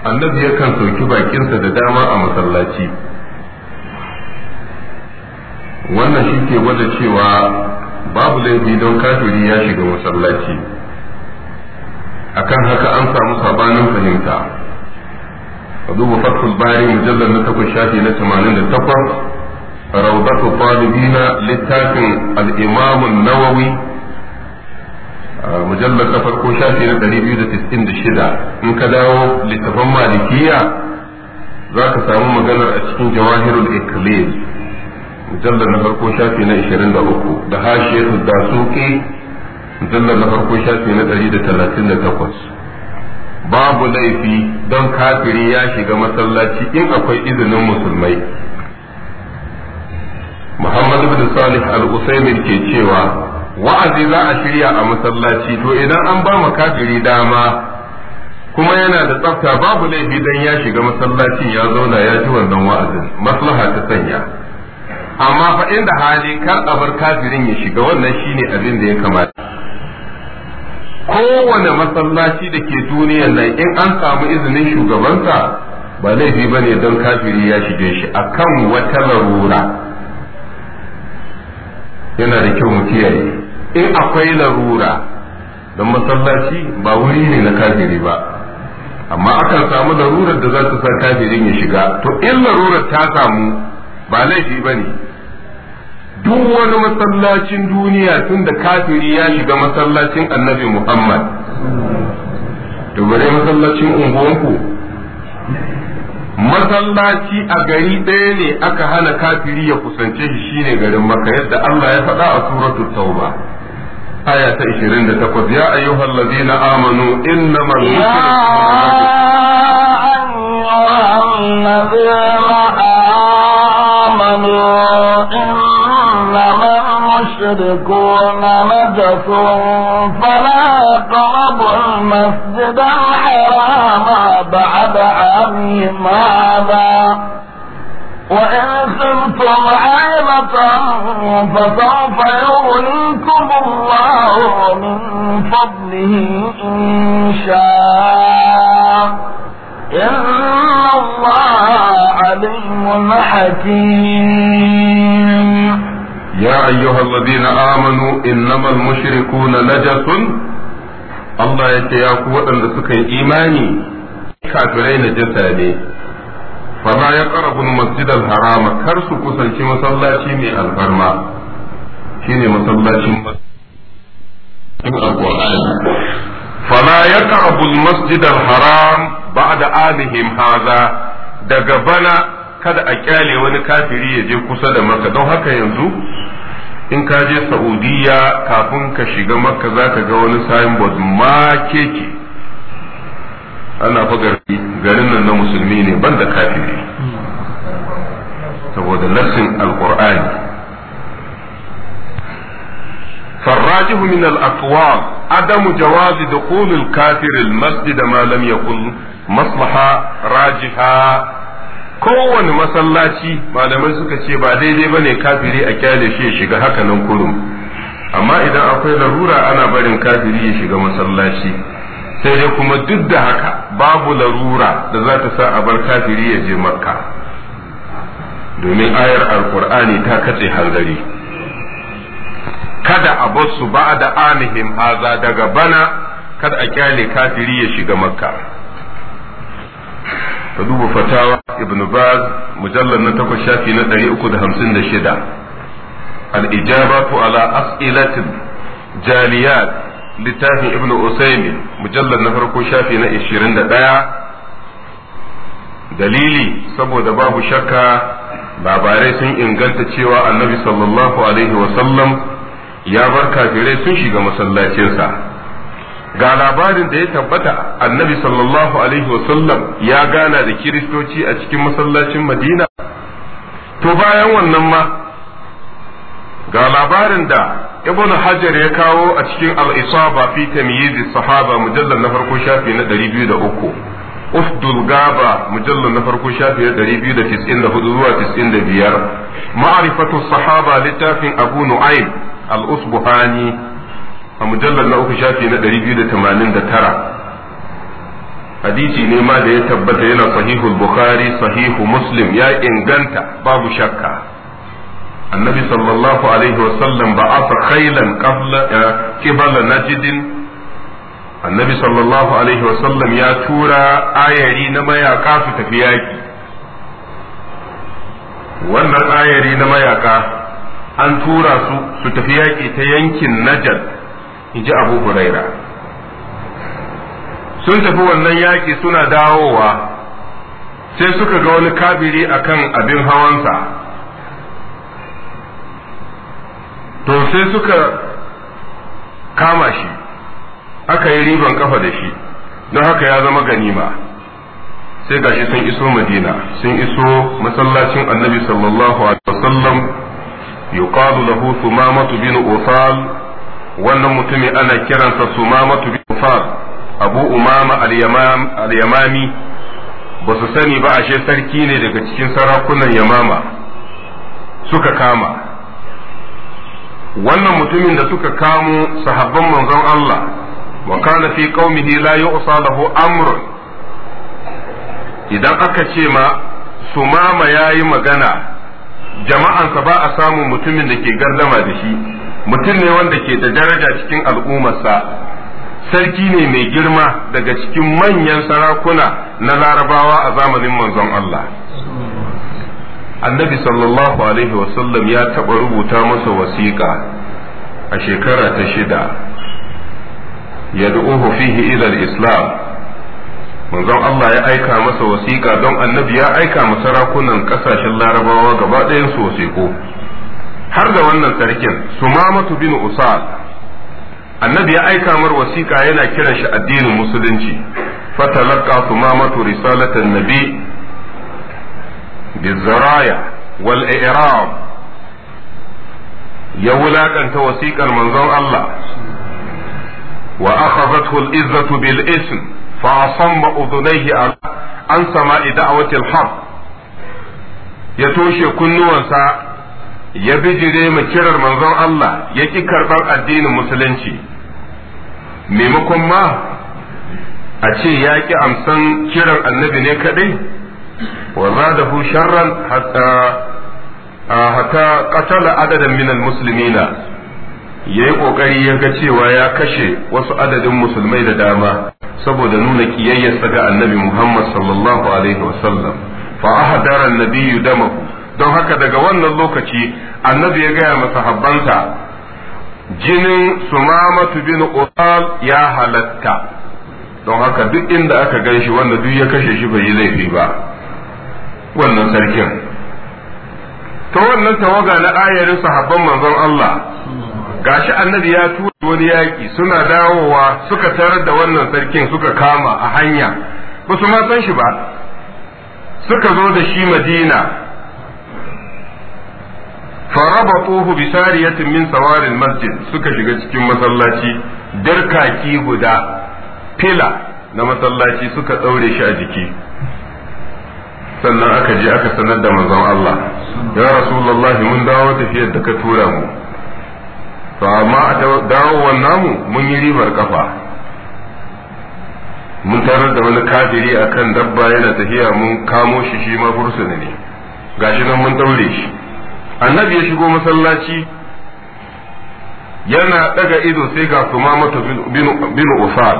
A: annabi yakan sauki bakinsa da dama a masallaci wannan shi ke gwada cewa babu laifi don kafiri ya shiga masallaci akan haka an samu sabanin fahimta ka duba fathul bari mujallar na takwas shafi na 88 raudatu talibina littafin al-imam an-nawawi mujallar na farko shafi na 296 in ka dawo littafin malikiya za ka samu maganar a cikin jawahirul ikhlil mujallar na farko shafi na 23 da hashiyatul dasuki mujallar na farko shafi na 138 babu laifi don kafiri ya shiga masallaci in akwai izinin musulmai Muhammad ibn Salih al-Usaimin ke cewa wa'azi za a shirya a masallaci to idan an ba mu kafiri dama kuma yana da tsafta babu laifi dan ya shiga masallacin ya zauna ya ji wannan wa'azin maslaha ta sanya amma fa inda hali kar a bar kafirin ya shiga wannan shine abin da ya kamata kowane masallaci da ke duniyar nan in an samu izinin shugabansa ba laifi bane don kafiri ya shige shi akan wata larura yana da kyau mu kiyaye in akwai larura don masallaci ba wuri ne na kafiri ba amma akan samu larurar da za ta sa kafirin ya shiga to in larurar ta samu ba laifi ba ne duk wani masallacin duniya tun da kafiri ya shiga masallacin annabi muhammad to bare masallacin unguwanku masallaci a gari ɗaya ne aka hana kafiri ya kusance shi shine garin maka yadda Allah ya faɗa a suratul tauba aya ta 28 ya ayyuhal ladina amanu innamal
B: mushrikuna amanu المشركون نجس فلا يقربوا المسجد الحرام بعد عامهم هذا وإن صرتم عيبة فسوف يغنيكم الله من فضله إن شاء إن الله عليم حكيم
A: يا أيها الذين آمنوا إنما المشركون نجس الله يتياكو أن سكن إيماني كافرين جساني فلا يقرب المسجد الحرام كرسو كسن شي مسلاتي من الفرما شيني مسلاتي من القرآن فلا يقرب المسجد الحرام بعد آلهم هذا daga bana kada a kyale wani kafiri ya je kusa da maka don haka yanzu in ka je saudiya kafin ka shiga makka za ka ga wani signboard ma keke ana fa garin nan na musulmi ne ban da kafiri
C: saboda nassin alkur'ani
A: فالراجح من الأقوال عدم جواز دخول الكافر المسجد ما لم يكن مصلحة راجحة kowane masallaci malamai suka ce ba daidai bane kafiri a kyale shi ya shiga haka nan kurum amma idan akwai larura ana barin kafiri ya shiga masallaci sai dai kuma duk da haka babu larura da za ta sa a bar kafiri ya je makka domin ayar alkur'ani ta katse hanzari kada a bar su ba da amihim haza daga bana kada a kyale kafiri ya shiga makka ka duba fatawa ibn baz mujallar na takwas shafi na ɗari uku da hamsin 356 al-ijabatu ala as'ilatin jaliyat littafin ibn Usaini mujallar na farko shafi na ishirin da ɗaya). dalili saboda babu shakka labarai sun inganta cewa annabi sallallahu alaihi wasallam ya bar kafirai sun shiga masallacinsa ga labarin da ya tabbata annabi sallallahu alaihi wasallam ya gana da kiristoci a cikin masallacin madina to bayan wannan ma ga labarin da ibn hajar ya kawo a cikin al-isaba fi tamyiz sahaba mujallal na farko shafi na 203 ufdul gaba mujallal na farko shafi na 294 zuwa 95 ma'rifatu sahaba littafin abu nu'aym al-usbuhani a mujallar na uku shafi na ɗari biyu da da tamanin tara, hadisi ne ma da ya tabbata yana sahihul bukhari sahihu muslim ya inganta babu shakka annabi sallallahu alaihi wasallam ba asa khailan qabla qibala najdin annabi sallallahu alaihi wasallam ya tura ayari na mayaka su tafi yaki wannan ayari na mayaka an tura su su tafi yaki ta yankin najd in ji abu huraira sun tafi wannan yaƙi suna dawowa sai suka ga wani kabiri akan abin hawansa to sai suka kama shi aka yi riban kafa da shi don haka ya zama ganima sai gashi sun iso madina sun iso masallacin annabi sallallahu alaihi wasallam yuqalu lahu thumamatu bin usal wannan mutumin ana kiransa sumamatu bin kufar abu umama al-yamami ba su sani ba ashe sarki ne daga cikin sarakunan yamama suka kama wannan mutumin da suka kamo sahabban manzon Allah wa kana fi qaumihi la yu'sa lahu amr idan aka ce ma sumama yayi magana jama'ansa ba a samun mutumin da ke gardama da shi mutum ne wanda ke da daraja cikin al'ummarsa sarki ne mai girma daga cikin manyan sarakuna na larabawa a zamanin manzon Allah annabi sallallahu alaihi wasallam ya taɓa rubuta masa wasiƙa a shekara ta shida ya fihi ila islam manzon Allah ya aika masa wasiƙa don annabi ya aika sarakunan ƙasashen larabawa gaba ɗayan su wasiƙo har da wannan sarkin sumamatu bin usad annabi ya aika mar wasiƙa yana kiran shi addinin musulunci fatalaka sumamatu risalatan nabi bizaraya wal i'rab ya wulaƙanta wasiƙar manzon Allah wa akhadhathu al izzatu bil ism fa asamma udunayhi an sama'i da'wati haq ya toshe kunnuwansa ya bijire mu kirar manzon Allah ya ki karɓar addinin musulunci maimakon ma a ce ya ki amsan kiran annabi ne kaɗai wa zadahu sharran hatta hatta qatala adadan minal ya yi ƙoƙari ya ga cewa ya kashe wasu adadin musulmai da dama saboda nuna ƙiyayyarsa ga annabi Muhammad sallallahu alaihi wasallam fa ahadara annabiyyu damahu don haka daga wannan lokaci annabi ya gaya masa habbansa jinin sumamatu bin ural ya halatta don haka duk inda aka gan shi wanda duk ya kashe shi bai yi laifi ba wannan sarkin ta wannan tawaga na ayarin sahabban manzon Allah gashi annabi ya tura wani yaƙi suna dawowa suka tarar da wannan sarkin suka kama a hanya ba su ma san shi ba suka zo da shi madina farabatuhu bi sariyatin min sawarin masjid suka shiga cikin masallaci darkaki guda fila na masallaci suka daure shi a jiki sannan aka je aka sanar da manzon Allah ya rasulullah mun dawo tafiyar da ka tura mu to amma a dawo dawowar mu, mun yi ribar kafa mun tarar da wani kafiri akan dabba yana tafiya mun kamo shi shi ma fursuna ne gashi nan mun daure shi annabi ya shigo masallaci yana daga ido sai ga mata bin usal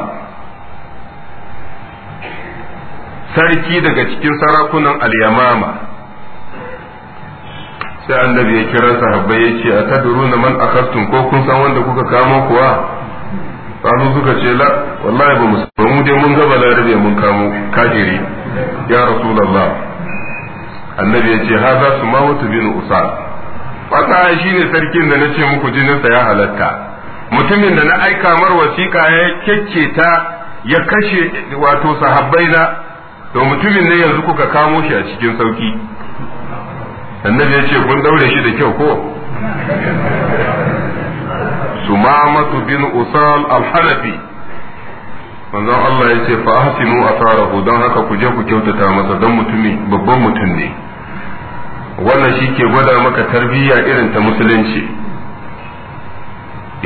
A: sarki daga cikin sarakunan al-yamama sai annabi ya kira sahabbai ya ce a na man akartun ko kun san wanda kuka kamo kuwa sanu suka ce la wallahi ba mu dai mun gaba larabe mun kamo kafiri ya rasulullah annabi ya ce haza su ma wata bin usal wannan shi ne sarkin da na ce muku jininsa ya halatta mutumin da na aika mar wasiƙa ya kyakke ta ya kashe wato sahabbai na to mutumin ne yanzu kuka kamo shi a cikin sauki annabi ya ce kun daure shi da kyau ko sumamatu bin usal al-hanafi manzon Allah ya ce fa a asarahu don haka ku je ku kyautata masa don mutumi babban mutum ne wannan shi ke gwada maka tarbiyya irin ta musulunci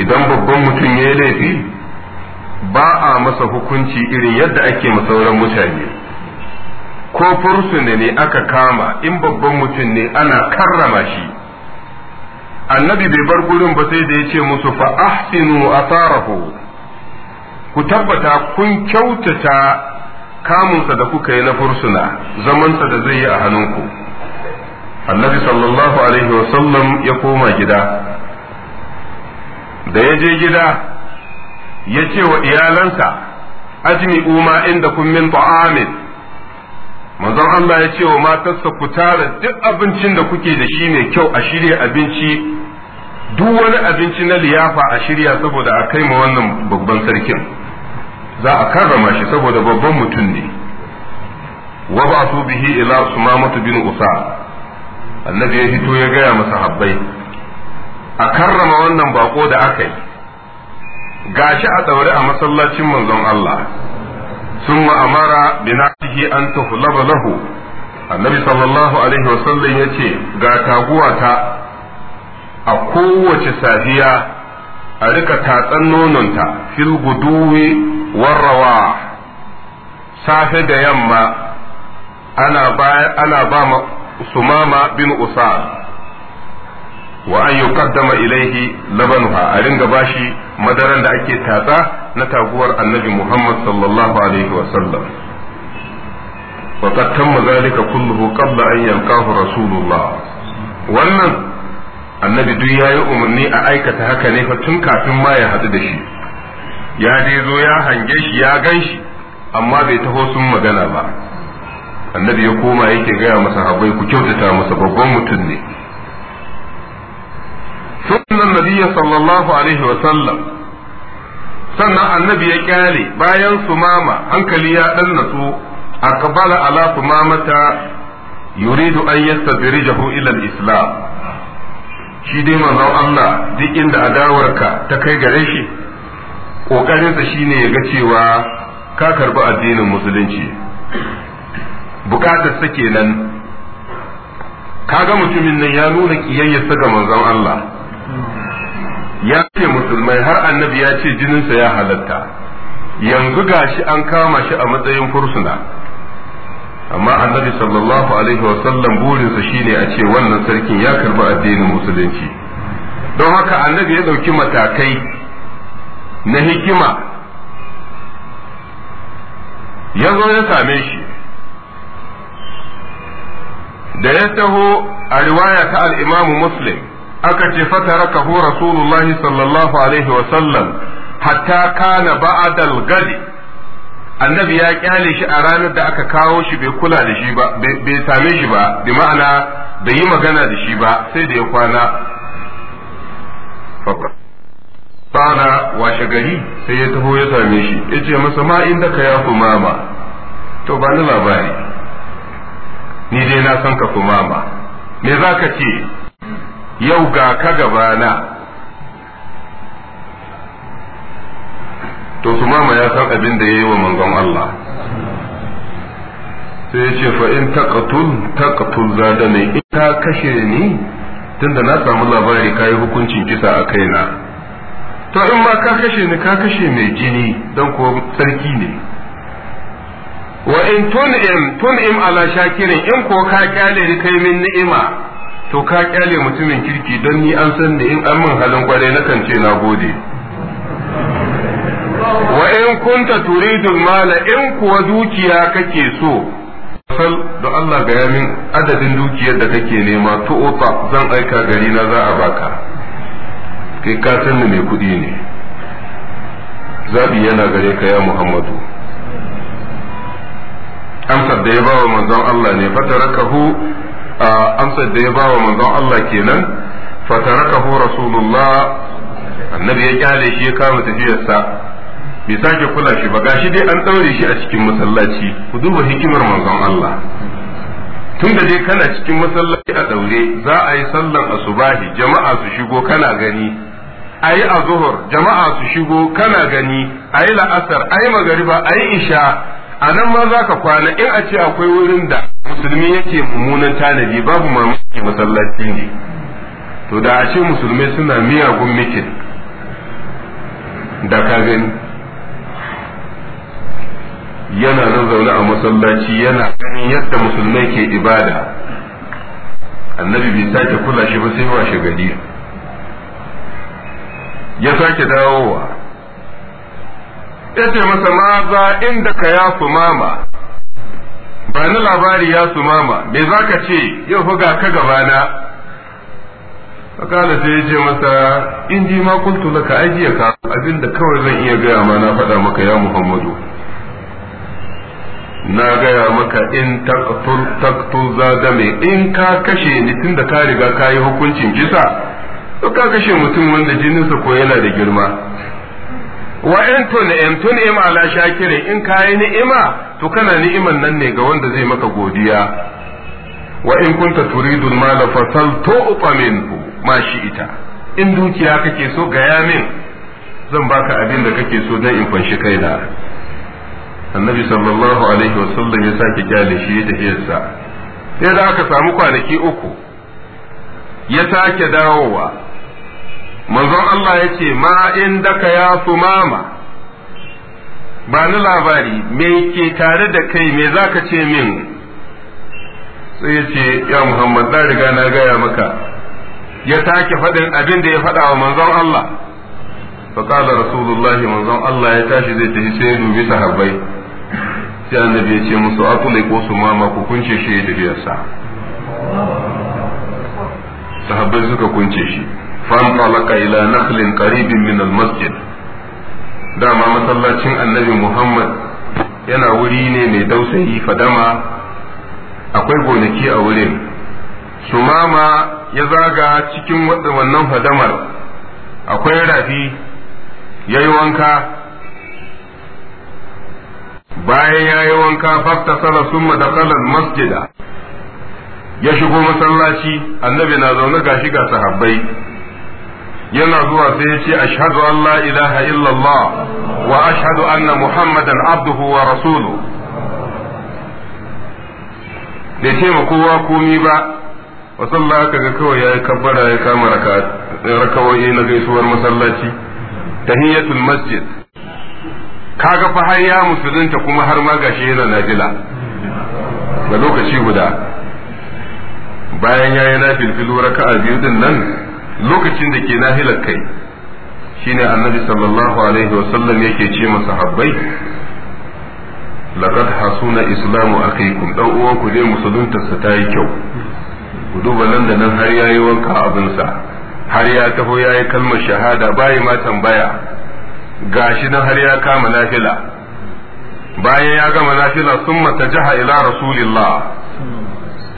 A: idan babban mutum ya yi laifi ba a masa hukunci irin yadda ake masauran mutane ko fursuna ne aka kama in babban mutum ne ana karrama shi annabi bai bar gurin ba sai da ya ce musu fa ahsinu asarahu ku tabbata kun kyautata kamunsa da kuka yi na fursuna zamansa da zai yi a hannunku annabi sallallahu alaihi wasallam ya koma gida da ya je gida ya ce wa iyalansa ajmi uma inda kun min ta'amin manzon Allah ya ce wa matarsa ku tara duk abincin da kuke da shi ne kyau a shirya abinci duk wani abinci na liyafa a shirya saboda a kai ma wannan babban sarkin za a karrama shi saboda babban mutum ne wa ba su bihi ila sumamatu bin usa annabi ya hito ya gaya masa habbai a karrama wannan bako da aka yi gashi a tsauri a masallacin manzon Allah sun amara binatihi an tafi lahu annabi sallallahu alaihi wasallam ya ce ga taguwa ta a kowace safiya a rika tatsan nononta fil guduwi warrawa safe da yamma ana ba ana ba sumama bin usal wa an yuqaddama ilaihi labanuha a ringa bashi madarar da ake tatsa na taguwar annabi Muhammad sallallahu alaihi wa sallam wa qad tamma zalika kulluhu qabla an yalqahu rasulullah wannan annabi duk yi umarni a aikata haka ne fa tun kafin ma ya hadu da shi ya dai zo ya hange shi ya gan shi amma bai taho sun magana ba annabi ya koma yake gaya masa habai ku kyautata masa babban mutum ne sunan nabiya sallallahu alaihi wa sallam sannan annabi ya kyale bayan su mama hankali ya dan natsu akbala ala sumamata yuridu an yastadrijahu ila al-islam shi dai manzon Allah duk inda adawarka ta kai gare shi ƙoƙarinsa shine ya ga cewa ka karbi addinin musulunci sa kenan ga mutumin nan ya nuna ƙiyayyarsa ga manzon Allah ya ce musulmai har annabi ya ce jininsa ya halatta yanzu gashi an kama shi a matsayin fursuna amma annabi sallallahu alaihi wasallam burinsa shine a ce wannan sarkin ya karbi addinin musulunci don haka annabi ya ɗauki matakai na hikima ya zo ya same shi da ya taho a riwaya ta al'imamu muslim aka ce fatarakahu rasulullahi sallallahu alaihi wasallam hatta kana ba'adal gadi annabi ya kyale shi a ranar da aka kawo shi bai kula da shi ba bai same shi ba bi ma'ana bai yi magana da shi ba sai da ya kwana qala washe gari sai ya taho ya same shi ce masa ma inda ka ya kumama to ba ni labari ni dai na san ka kumama me za ka ce yau ga ka gabana to sumama ya san abin da yi wa manzon Allah sai ya ce fa'in takatun takatun zada ne in ta kashe ni tunda na samu labari kayi hukuncin kisa a kaina to in ma ka kashe ni ka kashe mai jini don kuwa sarki ne wa in tun'im tun'im ala shakirin in ko ka kyale ni kai min ni'ima to ka kyale mutumin kirki don ni an san da in an min halin kwarai na kan ce na gode wa in kunta turidu mala in kuwa dukiya kake so fal da Allah ga yamin adadin dukiyar da kake nema tu'uta zan aika gari na za a baka kai ka sanni mai kuɗi ne zaɓi yana gare ka ya muhammadu amsar da ya ba wa manzon Allah ne fatarakahu amsar da ya ba wa manzon Allah kenan fatarakahu rasulullah annabi ya kyale shi ya kama tafiyarsa bai sake kula shi ba gashi dai an ɗaure shi a cikin masallaci ku duba hikimar manzon Allah tun da dai kana cikin masallaci a ɗaure za a yi sallar asubahi jama'a su shigo kana gani a yi a zuhur jama'a su shigo kana gani Ayi yi la'asar a yi magariba a yi isha a nan ma za ka kwana in a ce akwai wurin da musulmi yake mummunan tanadi babu mamaki masallaci ne to da a ce musulmi suna miyagun mikin da ka gani yana nan zauna a masallaci yana ganin yadda musulmai ke ibada annabi bai sake kula shi ba sai washe gari ya sake dawowa ya ce masa maza inda ka ya sumama ba ni labari ya sumama me za ka ce yau fa ga ka gabana fakala sai ya ce masa in ji ma kuntu laka ajiya ka abinda kawai zan iya gaya ma na faɗa maka ya muhammadu na gaya maka in taktul taktul in ka kashe ni tunda ka riga ka yi hukuncin kisa to ka kashe mutum wanda sa ko yana da girma wa in tun im ala shakire in kayi ni'ima to kana ni'iman nan ne ga wanda zai maka godiya wa in kunta turidul mala fasal tu'ta minhu ma shi ita in dukiya kake so gaya min zan baka abin da kake so dan in fanshi kaina annabi sallallahu alaihi wasallam ya sake kyale shi da hiyarsa sai da aka samu kwanaki uku ya sake dawowa manzon Allah ya ce ma indaka ya sumama ba ni labari me ke tare da kai me zaka ce min sai ce ya Muhammad na riga na gaya maka ya take faɗin abin da ya faɗawa wa manzon Allah فقال رسول الله منظم ya tashi zai tafi sai ya dubi sahabbai sai annabi ya ce musu atulai ko su mama ku kunce shi ya tafiyarsa sahabbai suka kunce shi فانطلق إلى نخل قريب من المسجد دعما مسلاتين النبي محمد ينا وريني mai dausayi فدما akwai gonaki a wurin sumama ya zaga cikin wannan fadamar akwai rafi ya yi wanka bayan ya yi wanka fafta summa sun madakalar masjida ya shigo masallaci annabi na zaune gashi ga sahabbai yana zuwa sai ya ce ashhadu an la ilaha illallah wa ashhadu anna muhammadan abduhu wa rasuluhu bai ce ma kowa komi ba wa sallah ka ga kawai ya yi kabbara ya kama rakawai na gaisuwar masallaci ta tahiyyatul masjid kaga fa har ya musulunta kuma har ma gashi yana nafila da lokaci guda bayan ya yi na filfilo, raka'a biyu din nan lokacin da ke nahilar kai shine annabi sallallahu alaihi wasallam yake ce masa habbai laqad hasuna islamu akaykum dan uwan ku dai musulunta sa yi kyau ku duba nan da nan har yayi wanka abin sa har ya taho yayi kalmar shahada bai ma tambaya gashi nan har ya kama nafila bayan ya gama nafila summa tajaha ila rasulillah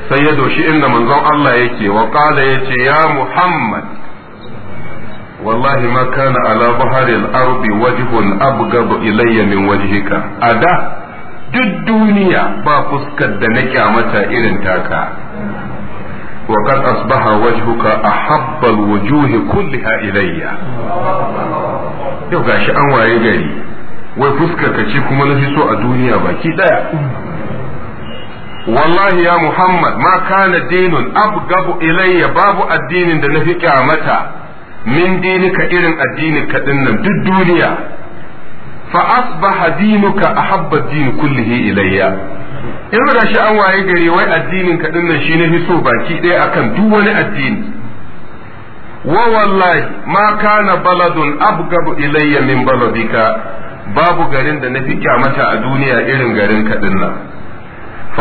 A: sai ya doshi inda manzon Allah yake wa qala yace ya Muhammad wallahi ma kana ala baharil ardi wajhun abghadu ilayya min wajhika ada duk duniya ba fuskar da na kyamata irin taka وقد أصبح وجهك أحب الوجوه كلها إلي yau gashi an waye gari wai fuskar ka ce kuma na fi so a duniya baki ɗaya. wallahi ya muhammad ma kana dinun abgabu ilayya babu addinin da na fi kyamata min dinika irin addinin ka dinnan duk duniya fa a dinuka ahabba din kullihi ilayya in da shi an waye gari wai addinin ka dinnan shi na so baki ɗaya akan duk wani addini wa wallahi ma kana baladun abgabu ilayya min baladika babu garin da na fi kyamata a duniya irin garin ka dinnan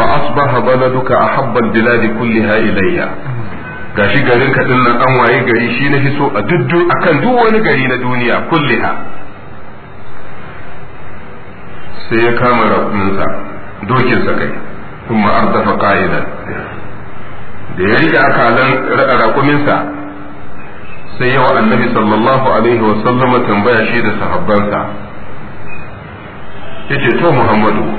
A: فأصبح بلدك أحب البلاد كلها إلي gashi garin ka nan an waye gari shi na fi so a duddu akan duk wani gari na duniya kulliha sai ya kama dokin sa kai kuma ardafa ka'idan da ya rike akalan rakuminsa sai yawa annabi sallallahu alaihi wa sallama tambaya shi da sahabbansa yace to muhammadu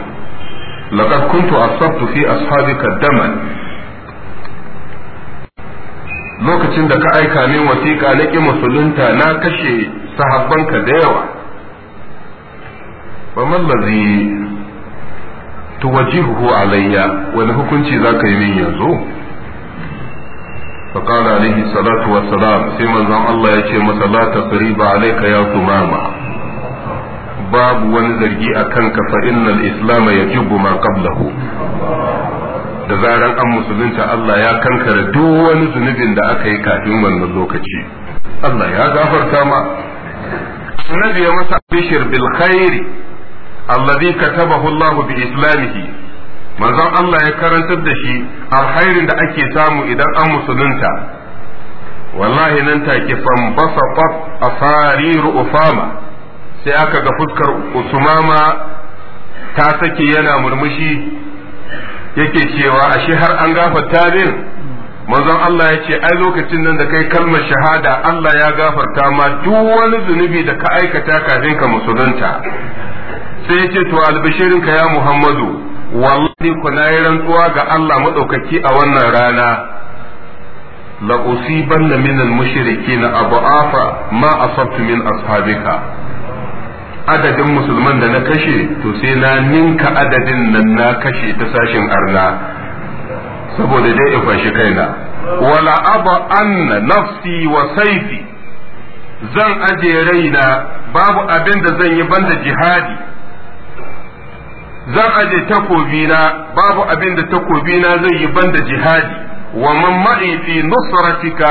A: laqad kuntu asabtu fi ashabika daman lokacin da ka aika min wasiƙa na ƙi musulunta na kashe sahabbanka da yawa ba mallazi tuwajihu alayya wani hukunci za ka yi min yanzu فقال sai الصلاة Allah ya ce الله يشي مسلا تصريب عليك ya tumama. babu wani zargi a kanka fa innal islam ya ma qablahu da zaran an musulunta Allah ya kankara duk wani zunubin da aka yi kafin wannan lokaci Allah ya gafarta ma annabi ya masa bishir bil khairi alladhi katabahu Allah bi islamihi manzon Allah ya karantar da shi alkhairin da ake samu idan an musulunta wallahi nan take fan basafat asariru ufama sai aka ga fuskar usumama ta sake yana murmushi yake cewa ashe har an gafarta min manzon Allah ya ce ai lokacin nan da kai kalmar shahada Allah ya gafarta ma duk wani zunubi da ka aikata kafin ka musulunta sai ya ce to ka ya Muhammadu wallahi ku na yi rantsuwa ga Allah madaukaki a wannan rana la usibanna minal mushrikin abu'afa ma asabtu min ashabika adadin musulman da na kashe to sai na ninka adadin nan na kashe ta sashin arna
C: saboda dai in fashi kaina wala
A: aba anna nafsi wa saifi zan aje raina babu abin da zan yi banda jihadi zan aje takobina babu abin da takobina zai yi banda jihadi wa man ma'i fi nusratika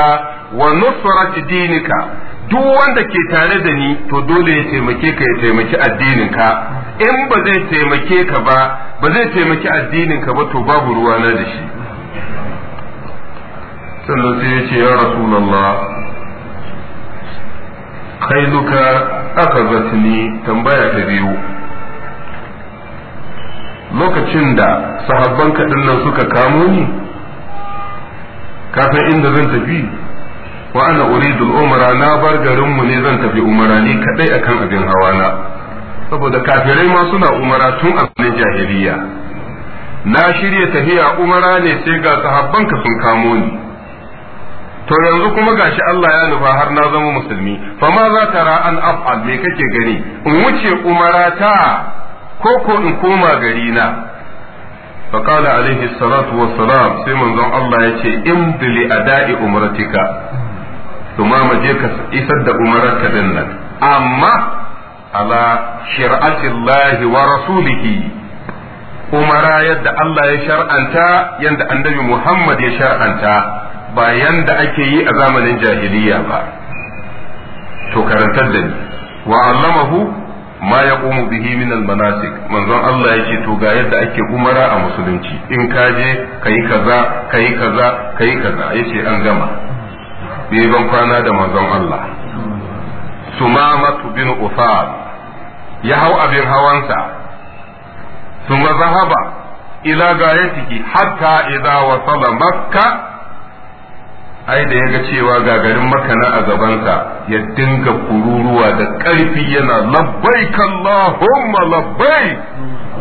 A: wa nusrati dinika duk wanda ke tare da ni to dole ya taimake ka ya taimaki addininka in ba zai taimake ka ba ba zai taimaki addininka ba to babu ruwa na da shi sannan sai ya ce ya rasulallah. kai duka aka ni tambaya ta biyu lokacin da sahabban kaɗin nan suka kamo ni kafin inda zan tafi wa ana uridu umara na bar garin mu ne zan tafi umara ni kadai akan abin hawa na saboda kafirai ma suna umara tun a zamanin jahiliya na shirya tafiya umara ne sai ga ka sun kamo ni to yanzu kuma gashi Allah ya nufa har na zama musulmi fa ma za ta ra an af'al me kake gani in wuce umara ta ko ko in koma gari na fa qala alaihi salatu wassalam sai manzon Allah yace imdili ada'i umratika tumama je ka isar da umarar ka din nan amma ala shir'atillahi wa rasulihi umara yadda Allah ya shar'anta yadda annabi Muhammad ya shar'anta ba yanda ake yi a zamanin jahiliya ba to karantar da ni wa allamahu ma yaqumu bihi min almanasik manzon Allah ce to ga yadda ake umara a musulunci in ka je kai kaza yi kaza kai kaza yace an gama yi ban kwana da manzon Allah sumamatu bin usad ya hau abin hawansa ثم ذهب إلى غايته حتى إذا وصل مكة ai da ya ga cewa makana a gabansa ya dinga kururuwa da ƙarfi yana labbai Allahumma labbai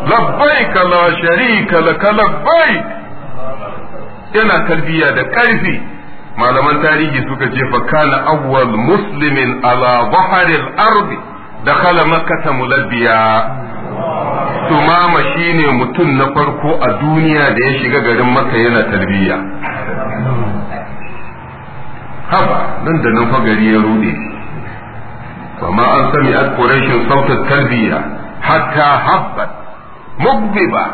A: labbai la sharika laka labbai yana talbiya da ƙarfi malaman tarihi suka ce fa kana awwal muslimin ala al ardi dakhala makkah mulabbiya tumama shine mutum na farko a duniya da ya shiga garin makka yana talbiya haba nan da nan fa gari ya rude
C: amma an sami al-quraish
A: sautar talbiya hatta habbat mugbiba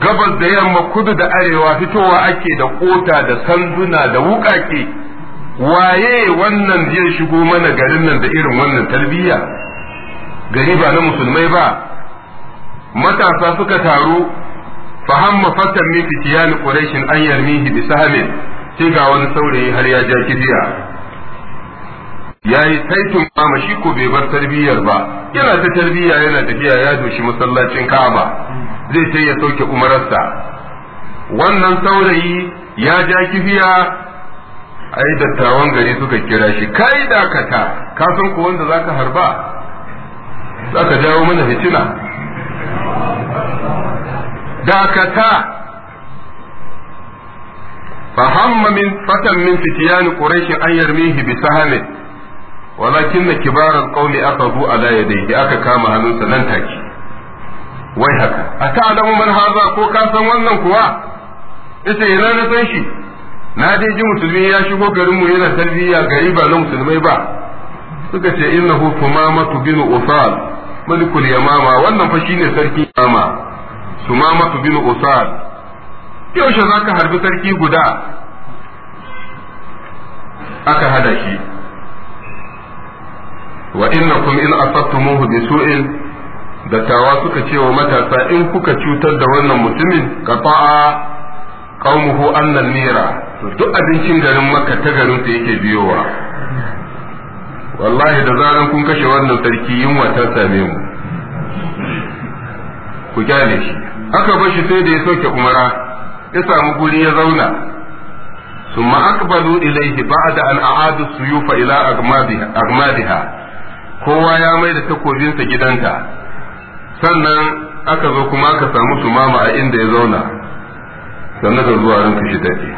A: gabas da yamma kudu da arewa fitowa ake da kota da sanduna da wukake waye wannan zai shigo mana garin nan da irin wannan tarbiyya gari ba na musulmai ba matasa suka taru fahamma fatan min fitiyani quraishin an yarmihi bi sahmin sai ga wani saurayi har ya ja kidiya yayi taitun ma shi ko bai bar tarbiyyar ba yana ta tarbiyya yana tafiya ya doshi masallacin Ka'aba zai ce ya sauke umararsa wannan saurayi ya ja kifiya ai tawon gari suka kira shi kai dakata ka san ko wanda zaka harba zaka jawo mana fitina dakata fahamma min fatan min fitiyan quraish an yarmihi bi sahami walakin kibar al-qawli aqadu ala yadayhi aka kama hannunsa nan take wai haka a ta'lamu man haza ko ka san wannan kuwa ita yana na san shi na je ji musulmi ya shigo garin mu yana tarbiyya gari ba na musulmai ba suka ce innahu sumamatu bin usal malikul yamama wannan fa shine sarki yamama tu bin usal yaushe zaka harbi sarki guda aka hada shi wa innakum in asabtumuhu bisu'in dattawa suka ce wa matasa in kuka cutar da wannan mutumin ka fa'a kaumuhu annan nera duk abincin garin maka ta garin ta yake biyowa wallahi da zaran kun kashe wannan sarki yunwa ta same mu ku gane shi aka bar shi sai da ya sauke umara ya samu guri ya zauna ثم أقبلوا إليه بعد أن أعادوا السيوف إلى أغمادها kowa ya mai da takobinsa gidanta sannan aka zo kuma aka samu sumama a inda ya zauna sannan ka zuwa ranka shi daɗi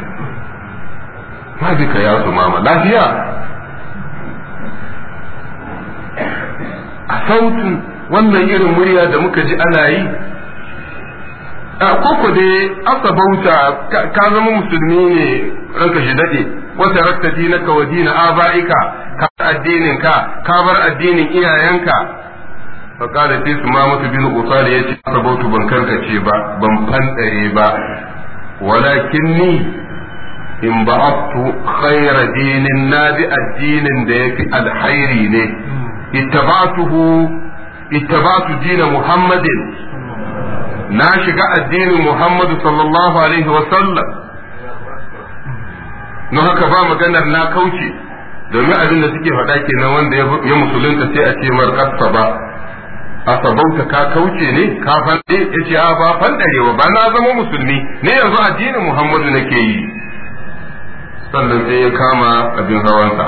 A: ma ka ya sumama lafiya a sautin wannan irin murya da muka ji ana yi koko dai asabauta ka zama musulmi ne ranka shi daɗe wata rakta dinaka wa dina aba'ika ka addinin ka ka bar addinin iyayenka fakara ce su ma mutu bin usali ya ce sabautu ban karkace ba ban fanɗare ba walakin ni in ba'attu khayra dinin na bi addinin da yafi alhairi ne ittaba'tuhu ittaba'tu dina muhammadin na shiga addinin muhammadu sallallahu alaihi wa sallam na haka ba maganar na kauce domin abin da suke faɗa kenan wanda ya musulunta sai a ce mar ba asabauta ka kauce ne ka fande yace a ba fandarewa ba na zama musulmi ne yanzu addinin Muhammadu nake yi sannan sai ya kama abin hawansa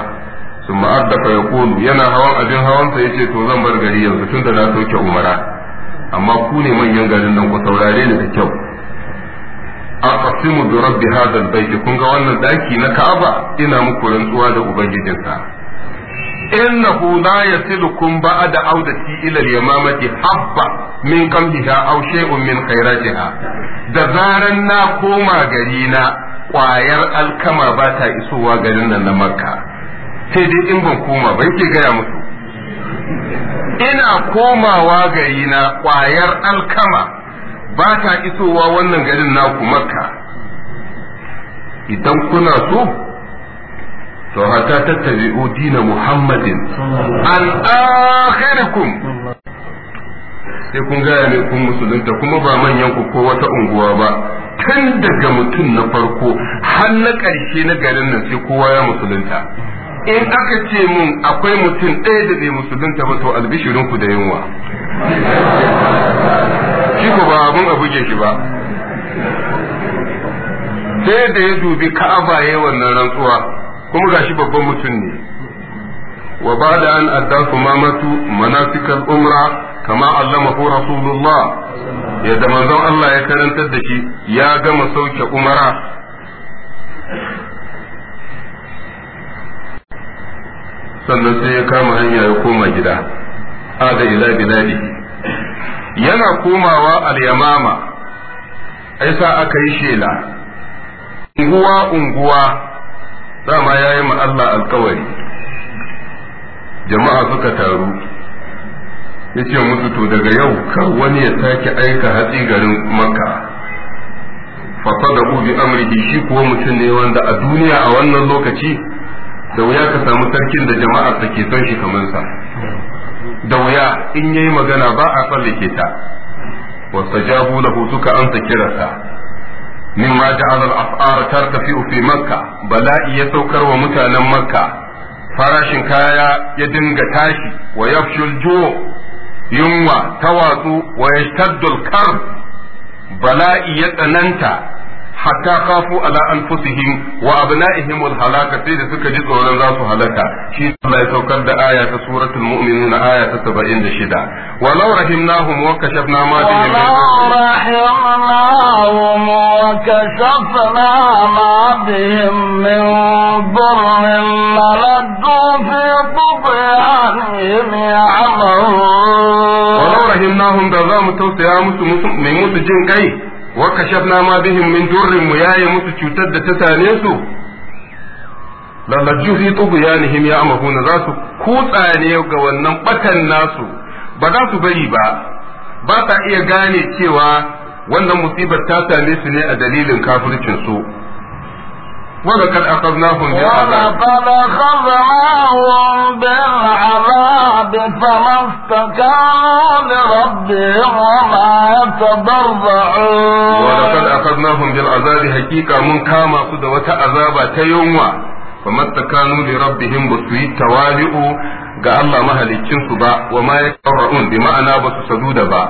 A: sun ma'addafa ya kulu yana hawan abin hawansa yace to zan bar gari yanzu tunda na sauke umara amma ku ne manyan garin nan ku saurare ni da kyau aqsimu bi rabbi hadha albayt kun ga wannan daki na Ka'aba ina muku rantsuwa da ubangijinsa innahu la yasilukum ba'da audati ila al-yamamati habba min qamhiha aw shay'un min khairatiha da zaran na koma gari na kwayar alkama ba ta isowa garin nan na makka sai dai in ban koma ban gaya musu ina komawa gari na kwayar alkama ba ta isowa wannan garin naku makka idan kuna so to hatta tattabi'u dina muhammadin an
B: sai kun
A: gaya ne kun musulunta kuma ba manyan ku ko wata unguwa ba tun daga mutum na farko har na ƙarshe na garin nan sai kowa ya musulunta in aka ce mun akwai mutum ɗaya da bai musulunta ba to albishirin ku da yunwa shi ku ba abun a buge shi ba
C: sai da ya dubi ka'aba yayin wannan rantsuwa
A: kuma gashi babban mutum ne wa ba'da an adda mamatu manasikan umra kama Allama ko rasulullah yadda manzon Allah ya karantar da shi ya gama sauke umara sannan sai ya kama hanya ya koma gida ada ila biladi yana komawa al-yamama ai aka yi shela unguwa unguwa dama ya yi Allah alkawari jama'a suka taru ya ce musu to daga yau kar wani ya sake aika hatsi garin makka da bi Amurki shi kuwa mutum ne wanda a duniya a wannan lokaci da wuya ka samu sarkin da jama'a ta ke son shi kamar sa da wuya in yayi magana ba a tsallake ta wasu jabu lahu suka amsa kirasa. mimma ja'ala al-as'ar tartafi'u fi makka bala'i ya saukar wa mutanen makka farashin kaya ya dinga tashi wa yafshul ju' yunwa ta watsu waya al-karb bala'i ya tsananta hatta kafu ala anfusihim wa abna'ihim wal halaka da suka ji tsoron za su halaka shi Allah ya saukar da aya ta suratul mu'minun aya ta 76 walau rahimnahum wa kashafna ma bihim walau
B: rahimnahum wa kashafna ma bihim min dhurrin laladdu
A: za mu tausaya musu mai musu jin kai wa kashafna ma bihim min durrin mu yaye musu cutar da ta same su lalaju fi tughyanihim ya amahuna za su kutsa ne ga wannan batan nasu ba za su bari ba ba ta iya gane cewa wannan musibar ta same su ne a dalilin kafircin su ولقد أخذناهم ولقد
B: أخذناهم بالعذاب فما استكانوا لربهم وما يتضرعون ولقد
A: أخذناهم بالعذاب حقيقة من كاما سد وتعذاب تيوما فما استكانوا لربهم بسوء التوالئ ga Allah mahalicinsu ba wa ma ya bi ma'ana ba su saduda ba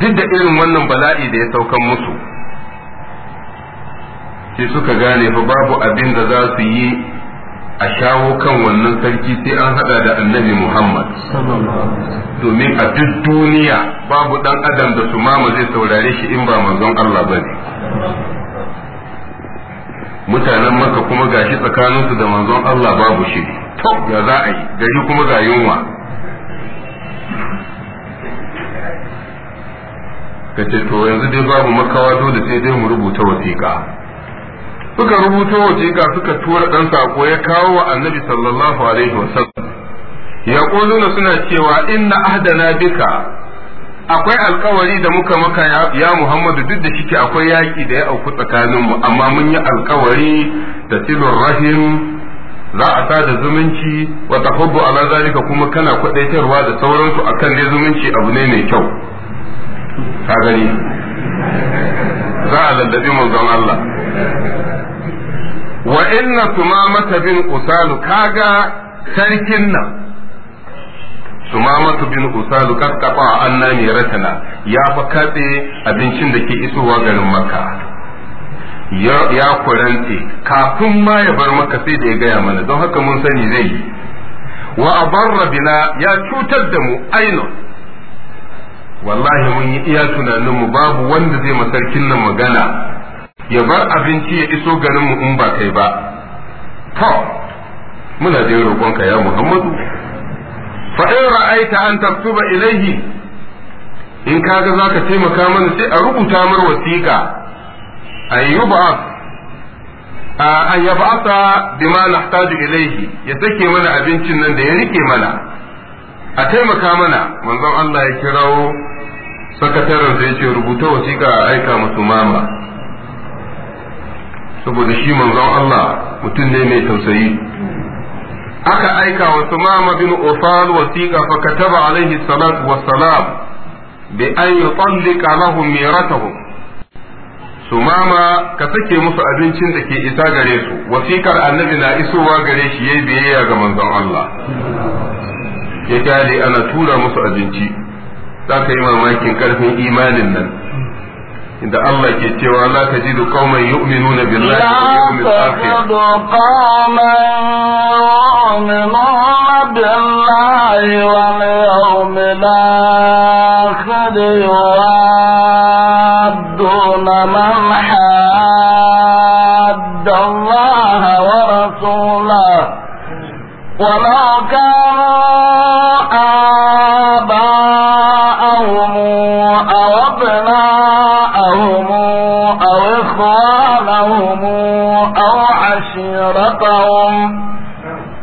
A: duk da irin wannan bala'i da ya saukan musu sai suka gane fa babu abin da za su yi a shawo kan wannan sarki sai an hada da annabi Muhammad domin a duk duniya babu dan adam da su mama zai saurare shi in ba manzon Allah ba ne mutanen maka kuma gashi tsakaninsu da manzon Allah babu shi to ya za a yi gari kuma ga yunwa ka ce to yanzu dai babu makawa dole sai dai mu rubuta wasiƙa suka rubuto ga suka tura ɗan sako ya kawo wa annabi sallallahu alaihi wasallam ya suna cewa inna ahdana bika akwai alkawari da muka maka ya Muhammadu duk da shike akwai yaki da ya auku tsakaninmu amma mun yi alkawari da tilur rahim za a sada zumunci wa tahubbu ala zalika kuma kana kwadaitarwa da sauransu akan dai zumunci abu ne mai kyau ka gani za a lallabi manzon Allah wa inna mata bin usalu kaga sarkin nan mata bin usalu kaskafa anna ne ratana ya fa katse abincin da ke isowa garin maka. ya kurante kafin ma ya bar maka sai da ya gaya mana don haka mun sani zai yi wa abarra bina ya cutar da mu aino wallahi mun yi iya tunaninmu babu wanda zai masarkin nan magana ya bar abinci ya iso garin mu in ba kai ba to muna da ka ya Muhammadu fa in ra'aita an taktuba ilaihi in kaga zaka taimaka mana sai a rubuta mar wasiƙa ayyuba an ya bima nahtaju ilaihi ya sake mana abincin nan da ya rike mana a taimaka mana manzon Allah ya kirawo sakataren da yake rubuta wasiƙa aika musu mama saboda shi manzon Allah mutum ne mai tausayi aka aika wa sumama bin usal wasiqa fa kataba alaihi salatu wassalam bi an yutalliqa lahum miratahum sumama ka sake musu abincin da ke isa gare su wasiƙar annabi na isowa gare shi yayi biyayya ga manzon Allah ya kyale ana tura musu abinci za ka yi mamakin karfin imanin nan inda Allah ke cewa la tajidu qauman yu'minuna billahi wal yawmil akhir
B: la yu'minuna billahi wal yawmil akhir yu'adduna man hadda Allah wa rasulahu ولو كانوا قوم أو عشيرتهم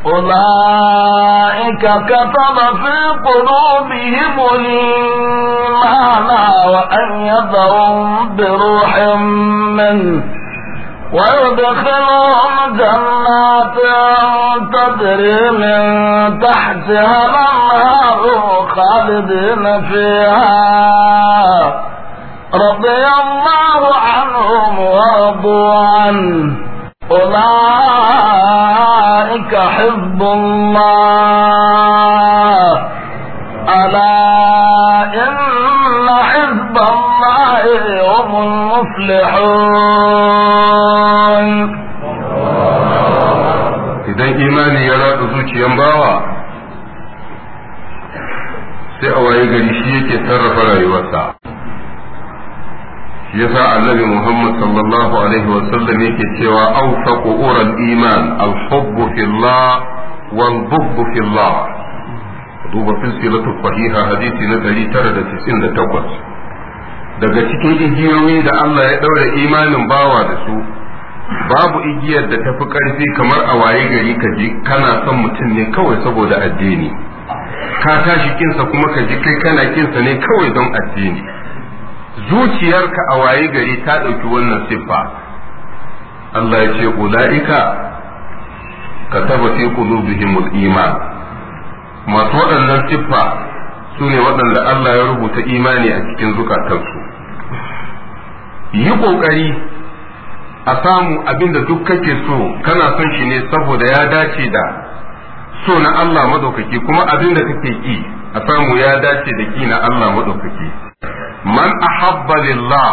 B: أولئك كتب في قلوبهم الإيمان وأيدهم بروح منه ويدخلهم جنات تجري من تحتها الأنهار خالدين فيها رضي الله عنهم ورضوا عنه أولئك حب الله ألا إن حب الله هم
A: المفلحون إذا إيماني يرى أزوك ينباوى sai a waye gari shi yake shi yasa annabi Muhammad sallallahu alaihi wa sallam yake cewa awsaqu ural iman al fillah wal bughdhu fillah duba silsilatu sahiha hadisi na takwas. daga cikin igiyoyi da Allah ya ɗaure imanin bawa da su babu igiyar da tafi karfi kamar a waye gari ka ji kana son mutum ne kawai saboda addini ka tashi kinsa kuma ka ji kai kana kinsa ne kawai don addini zuciyarka a waye gari ta ɗauki wannan siffa Allah ya ce ula'ika ka taba fi qulubihimul iman masu waɗannan siffa sune ne waɗanda Allah ya rubuta imani a cikin zukatansu yi ƙoƙari a samu abin da duk kake so kana son shi ne saboda ya dace da so na Allah madaukaki kuma abin da kake ki a samu ya dace da ki na Allah madaukaki man ahabba lillah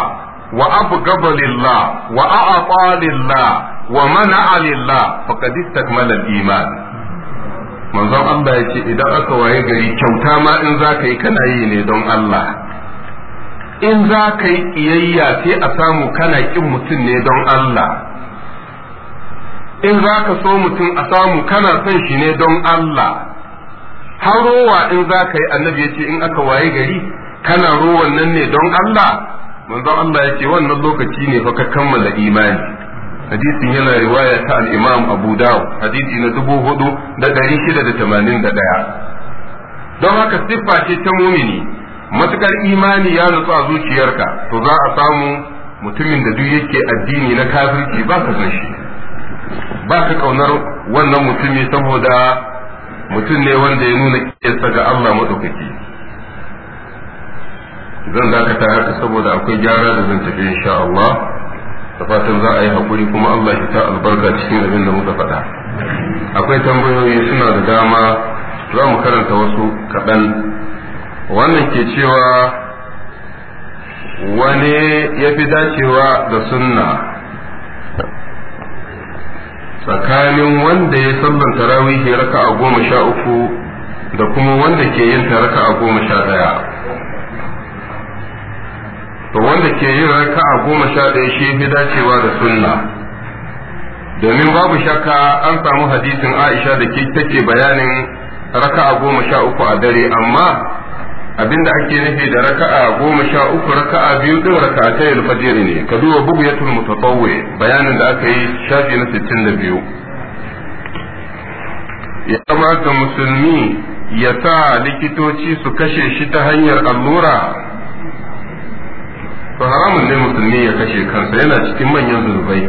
A: wa abghada lillah wa a'ata lillah wa mana'a lillah faqad istakmala al-iman manzon Allah ce idan aka waye gari kyauta ma in zaka yi kana yi ne don Allah in za ka yi ƙiyayya sai a samu kana ƙin mutum ne don Allah in za ka so mutum a samu kana son shi ne don Allah harowa in za ka yi annabi ya ce in aka waye gari kana ruwan nan ne don Allah manzon Allah yake wannan lokaci ne fa ka kammala imani hadisin yana riwaya ta al-Imam Abu Dawud hadisi na 4681 don haka siffa ce ta mumini matukar imani ya nutsu a zuciyarka to za a samu mutumin da duk yake addini na kafirci ba ka san shi ba ka kaunar wannan mutumi saboda mutum ne wanda ya nuna kiyarsa ga Allah madaukaki zan dakata haka saboda akwai gyara da zan tafi insha Allah da fatan za a yi hakuri kuma Allah ya ta albarka cikin abin da muka faɗa akwai tambayoyi suna da dama za mu karanta wasu kaɗan wannan ke cewa wani ya fi dacewa da sunna tsakanin wanda ya sallan tarawihi raka'a goma sha uku da kuma wanda ke yin ta a goma sha ɗaya to wanda ke yin raka'a goma sha ɗaya shi fi dacewa da sunna domin babu shakka an samu hadisin aisha da ke take bayanin raka'a goma sha uku a dare amma abinda ake nufi da raka'a goma sha uku raka'a biyu raka raka'a ta fajiri ne ka duba bugu ya mutatawwi bayanin da aka yi shafi na sittin da biyu. ya kamata musulmi ya sa likitoci su kashe shi ta hanyar allura to haramun ne musulmi ya kashe kansa yana cikin manyan zunubai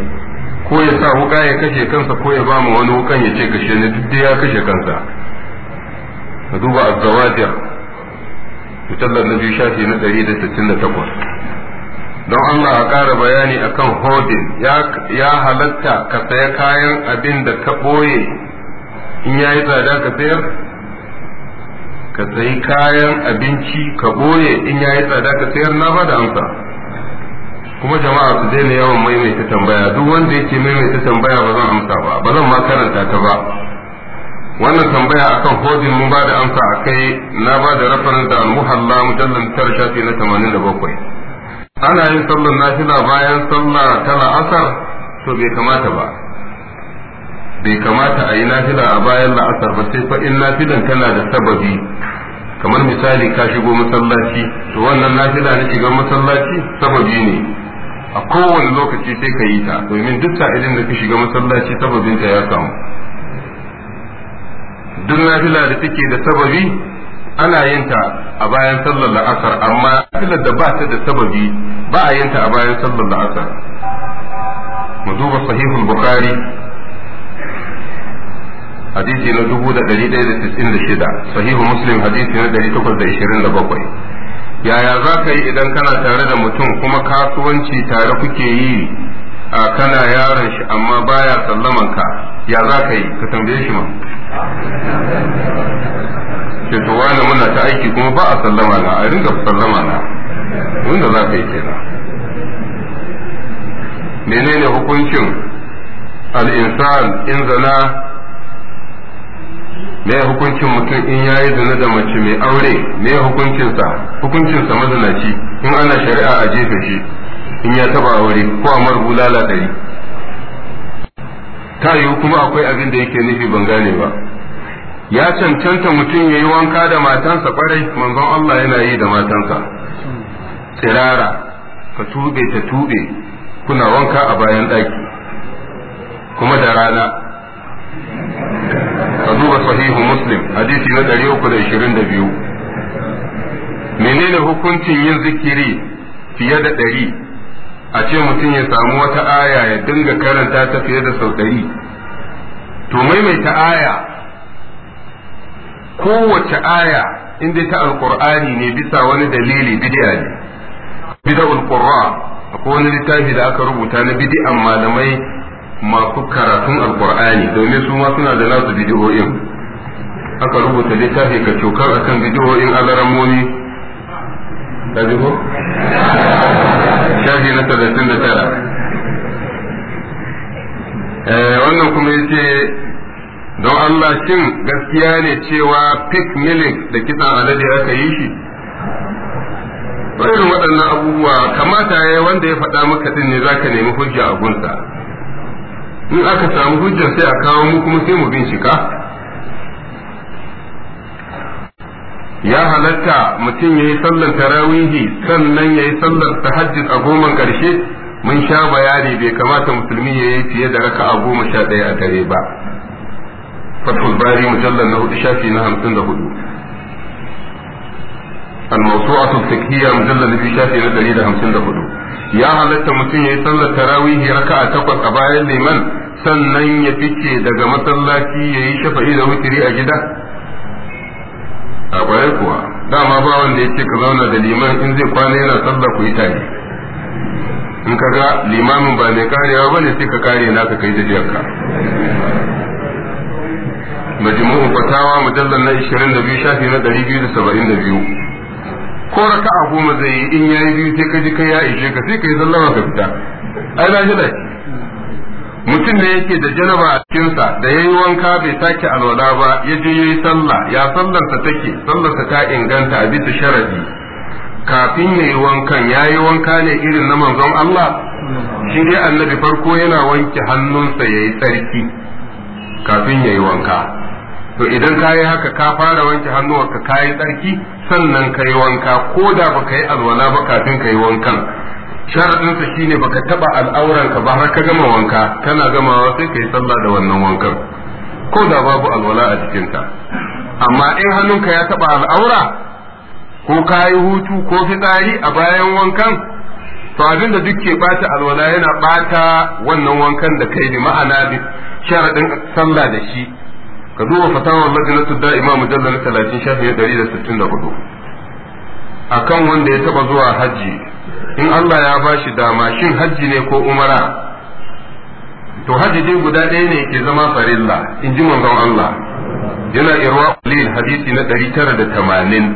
A: ko ya sa wuka ya kashe kansa ko ya ba wani wukan ya ce kashe ne duk ya kashe kansa ka duba azzawatir mujallar na biyu shafi na ɗari da sittin da takwas don Allah a ƙara bayani akan hodin ya halatta ka saya kayan abin da ka ɓoye in ya yi tsada ka sayar ka sayi kayan abinci ka ɓoye in ya yi tsada ka sayar na ba da amsa kuma jama'a su daina yawan maimaita tambaya duk wanda yake maimaita tambaya ba zan amsa ba ba zan ma karanta ta ba wannan tambaya akan hodin mun ba da amsa a kai na ba da rafarin da almuhalla mujallar tara shafi na tamanin da bakwai ana yin sallar nafila bayan sallah ta la'asar to bai kamata ba bai kamata a yi nafila a bayan la'asar ba sai fa in nafilan tana da sababi kamar misali ka shigo masallaci to wannan nafila na shiga masallaci sababi ne a kowane lokaci sai ka yi ta domin duk sa'ilin da ka shiga masallaci sababin ta ya samu duk nafila da take da sababi ana yin ta a bayan sallar la'asar amma nafilar da ba ta da sababi ba a yin ta a bayan sallar la'asar mu duba sahihul bukhari hadisi na 1196 sahihu muslim hadisi na 1827 yaya za ka yi idan kana tare da mutum kuma kasuwanci tare kuke yi a kana yaron shi amma baya sallaman ka ya za ka yi ka tambaye shi ma
C: ke to wani muna ta aiki kuma ba a sallama na a ringa sallama na wanda za ka yi kenan
A: menene hukuncin al'insan in zana me hukuncin mutum in yayi zina da mace mai aure me hukuncinsa hukuncinsa mazinaci in ana shari'a a jefe shi in ya taba aure ko a marubu lalatari ta yiwu kuma akwai abin da yake nufi ban gane ba ya cancanta mutum ya yi wanka da matansa kwarai manzon Allah yana yi da matansa tsirara ka tube ta tube kuna wanka a bayan ɗaki kuma da rana ka duba sahihu muslim hadisi na 322 menene hukuncin yin zikiri fiye da ɗari a ce mutum ya samu wata aya ya dinga karanta ta fiye da sau ɗari to maimaita aya kowace aya inda ta alkur'ani ne bisa wani dalili bid'a ne bid'ul qurra akwai wani littafi da aka rubuta na bid'an malamai masu karatun alkur'ani domin su ma suna da nasu bidiyoyin aka rubuta littafi ka cokar akan bidiyoyin alaramoni ta ko? shafi na talatin da tara eh, wannan kuma ya ce don Allah shin gaskiya ne cewa pig milik da kisa alade aka yi shi
C: bayan waɗannan abubuwa kamata
A: ya wanda ya faɗa maka din ne zaka nemi hujja a gunsa in aka samu hujjar sai a kawo mu kuma sai mu bincika ya halatta mutum ya yi sallar tarawihi sannan ya yi sallar tahajjud a goman ƙarshe mun sha bayani bai kamata musulmi ya yi fiye da raka a goma sha ɗaya a dare ba fatul bari mujallar na hudu shafi na hamsin da hudu الموضوع الفقهية مجلد في شافي na 154 ya halatta mutum ya yi sallar tarawihi raka'a takwas a bayan sannan ya fice daga masallaci ya yi shafa'i da wutiri a gida a kwaye kuwa dama ba wanda ya ce ka zauna da liman in zai kwana yana sallah ku yi tare in ka ga limamin ba mai karewa ba ne sai ka kare naka kai da jiyarka majmu'u fatawa mujallar na 22 shafi na 272 ko raka'a goma zai yi in yayi biyu sai ka ji kai ya ishe ka sai ka yi sallama ka fita ai na shi mutum da yake da janaba a cikinsa da yayi wanka bai sake alwala ba ya je yayi sallah ya sallarsa take sallarsa ta inganta a bisa sharadi kafin yayi wankan yayi wanka ne irin na manzon Allah shi dai annabi farko yana wanke hannunsa yayi tsarki kafin yayi wanka to idan ka yi haka ka fara wanke hannuwarka ka yi tsarki sannan ka yi wanka ko da ba ka yi alwala ba kafin ka yi wankan sharadinsa shi shine baka taba al'auran ka ba har ka gama wanka kana gamawa sai kai sallah da wannan wankan ko da babu alwala a cikin amma in hannunka ya taba al'aura ko kayi hutu ko fitsari a bayan wankan to abin da duk ke bata alwala yana bata wannan wankan da kai ne ma'ana bi sharadin sallah da shi ka duba fatawar majalisar da imamu jalla 30 shafi 164 akan wanda ya taba zuwa hajji in Allah ya bashi shi dama shin hajji ne ko umara to hajji dai guda ɗaya ne ke zama farilla in ji manzon Allah yana irwa lil hadisi na 980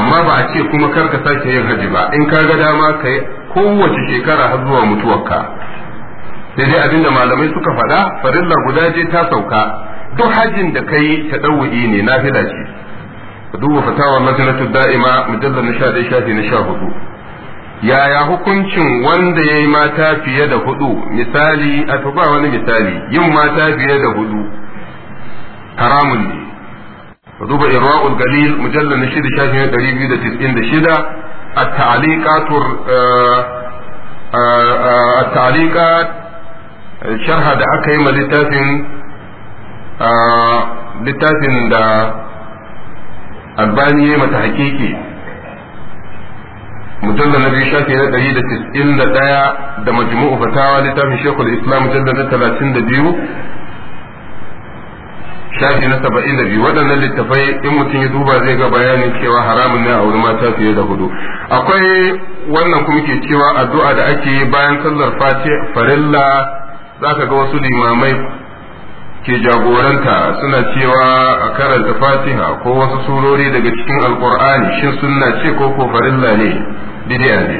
A: amma ba a ce kuma kar ka sake yin hajji ba in ka ga dama ka yi kowace shekara har zuwa mutuwarka sai dai abinda malamai suka faɗa farilla guda je ta sauka duk hajjin da kai ta ɗauwa'i ne nafila ce ka duba fatawa majalatu da'ima mujallar na shafi na sha hudu yaya hukuncin wanda ya yi mata fiye da hudu misali a ba wani misali yin mata fiye da hudu haramun ne ka duba irwa'ul galil mujallar na shafi na ɗari biyu da tis'in da shida a ta'aliƙatur eh, eh, eh, a ta'aliƙat sharha da aka yi ma littafin littafin da albani ya yi mata hakiki mujallar na biyu shafi na ɗari da tis'in da ɗaya da majmu'u fatawa littafin shekul islam mujallar na talatin da biyu shafi na saba'in da biyu waɗannan littafai in mutum ya duba zai ga bayanin cewa haramun ne a wuri mata fiye da hudu akwai wannan kuma ke cewa addu'a da ake bayan sallar fati farilla za ka ga wasu limamai ke jagoranta suna cewa a karanta fatiha ko wasu surori daga cikin alkur'ani shin sunna ce ko ko farilla ne bidiya ne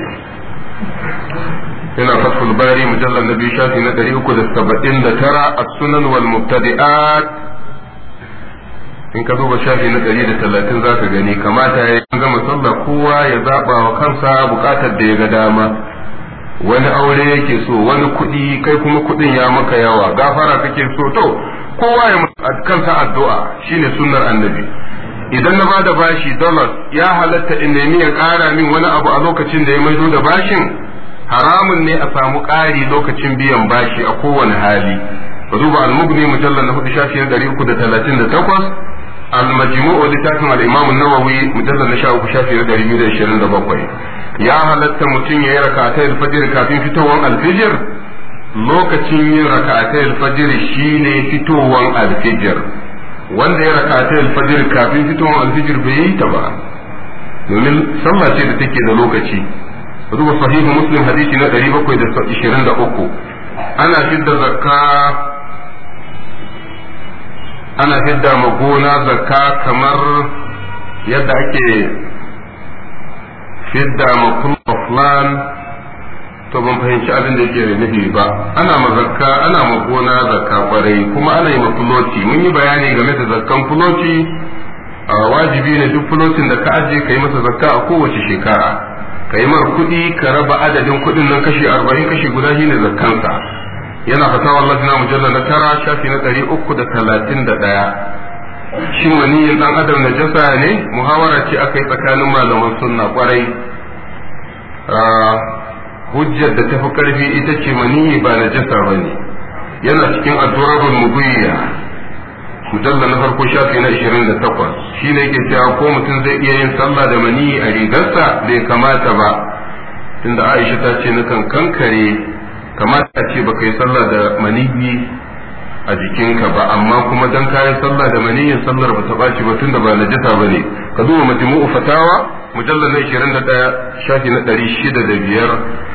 A: yana fatul bari mujallal na biyu shafi na ɗari uku da saba'in da tara a sunan wal mubtadi'at in ka duba shafi na ɗari da talatin za ka gani kamata ya yi gama sallah kowa ya zaɓa wa kansa buƙatar da ya ga dama wani aure yake so wani kuɗi kai kuma kuɗin ya maka yawa gafara kake so to kowa ya kansa addu'a shine sunnar annabi idan na bada bashi dollar ya halatta in nemi ya kara min wani abu a lokacin da ya maido da bashin haramun ne a samu ƙari lokacin biyan bashi a kowane hali ba zuba al-mughni na hudu shafi na uku da talatin da takwas
C: al-majmu'u littafin al-imam an-nawawi
A: mujallal na sha uku shafi na biyu da ashirin da bakwai ya halatta mutum ya yi raka'atai fajr kafin fitowar al lokacin yin rakatai alfajir shine fitowan alfijir wanda ya rakatai alfajir kafin fitowan alfijir bai yi ta ba domin sallah ce da take da lokaci ruwa sahihu muslim hadisi na 723 ana fidda zakka ana fidda magona zakka kamar yadda ake fidda makul to ban fahimci abin da yake nufi ba ana ma zakka ana ma gona zakka kwarai kuma ana yi ma fuloci mun yi bayani game da zakkan fuloci wajibi ne duk fulocin da ka aje ka yi masa zakka a kowace shekara ka yi mar kuɗi ka raba adadin kuɗin nan kashi arba'in kashi guda shi ne zakkansa yana fata wallahi na mujallar na tara shafi na ɗari uku da talatin da ɗaya shin wani ɗan adam na jasa ne muhawara ce aka yi tsakanin malaman sunna kwarai hujjar da tafi karfi ita ce maniyi ba na jasa ba ne yana cikin addu'arul mubiyya mujalla na farko shafi na 28 shine yake cewa ko mutum zai iya yin sallah da maniyi a rigarsa bai kamata ba tunda Aisha ta ce nakan kankare kamata ce baka yi sallah da maniyi a jikinka ba amma kuma dan kayan sallah da maniyin sallar ba ta baci ba tunda ba ba ne ka duba majmu'u fatawa mujalla na 21 shafi na 605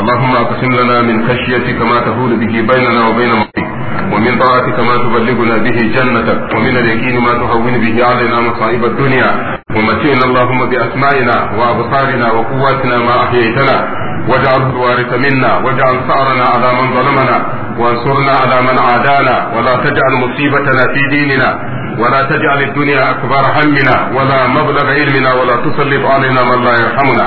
A: اللهم اقسم لنا من خشيتك ما تهول به بيننا وبين معصيتك ومن طاعتك ما تبلغنا به جنتك ومن اليقين ما تهون به علينا مصائب الدنيا ومتعنا اللهم باسمائنا وابصارنا وقواتنا ما احييتنا واجعل الوارث منا واجعل ثارنا على من ظلمنا وانصرنا على من عادانا ولا تجعل مصيبتنا في ديننا ولا تجعل الدنيا أكبر همنا ولا مبلغ علمنا ولا تسلط علينا من لا يرحمنا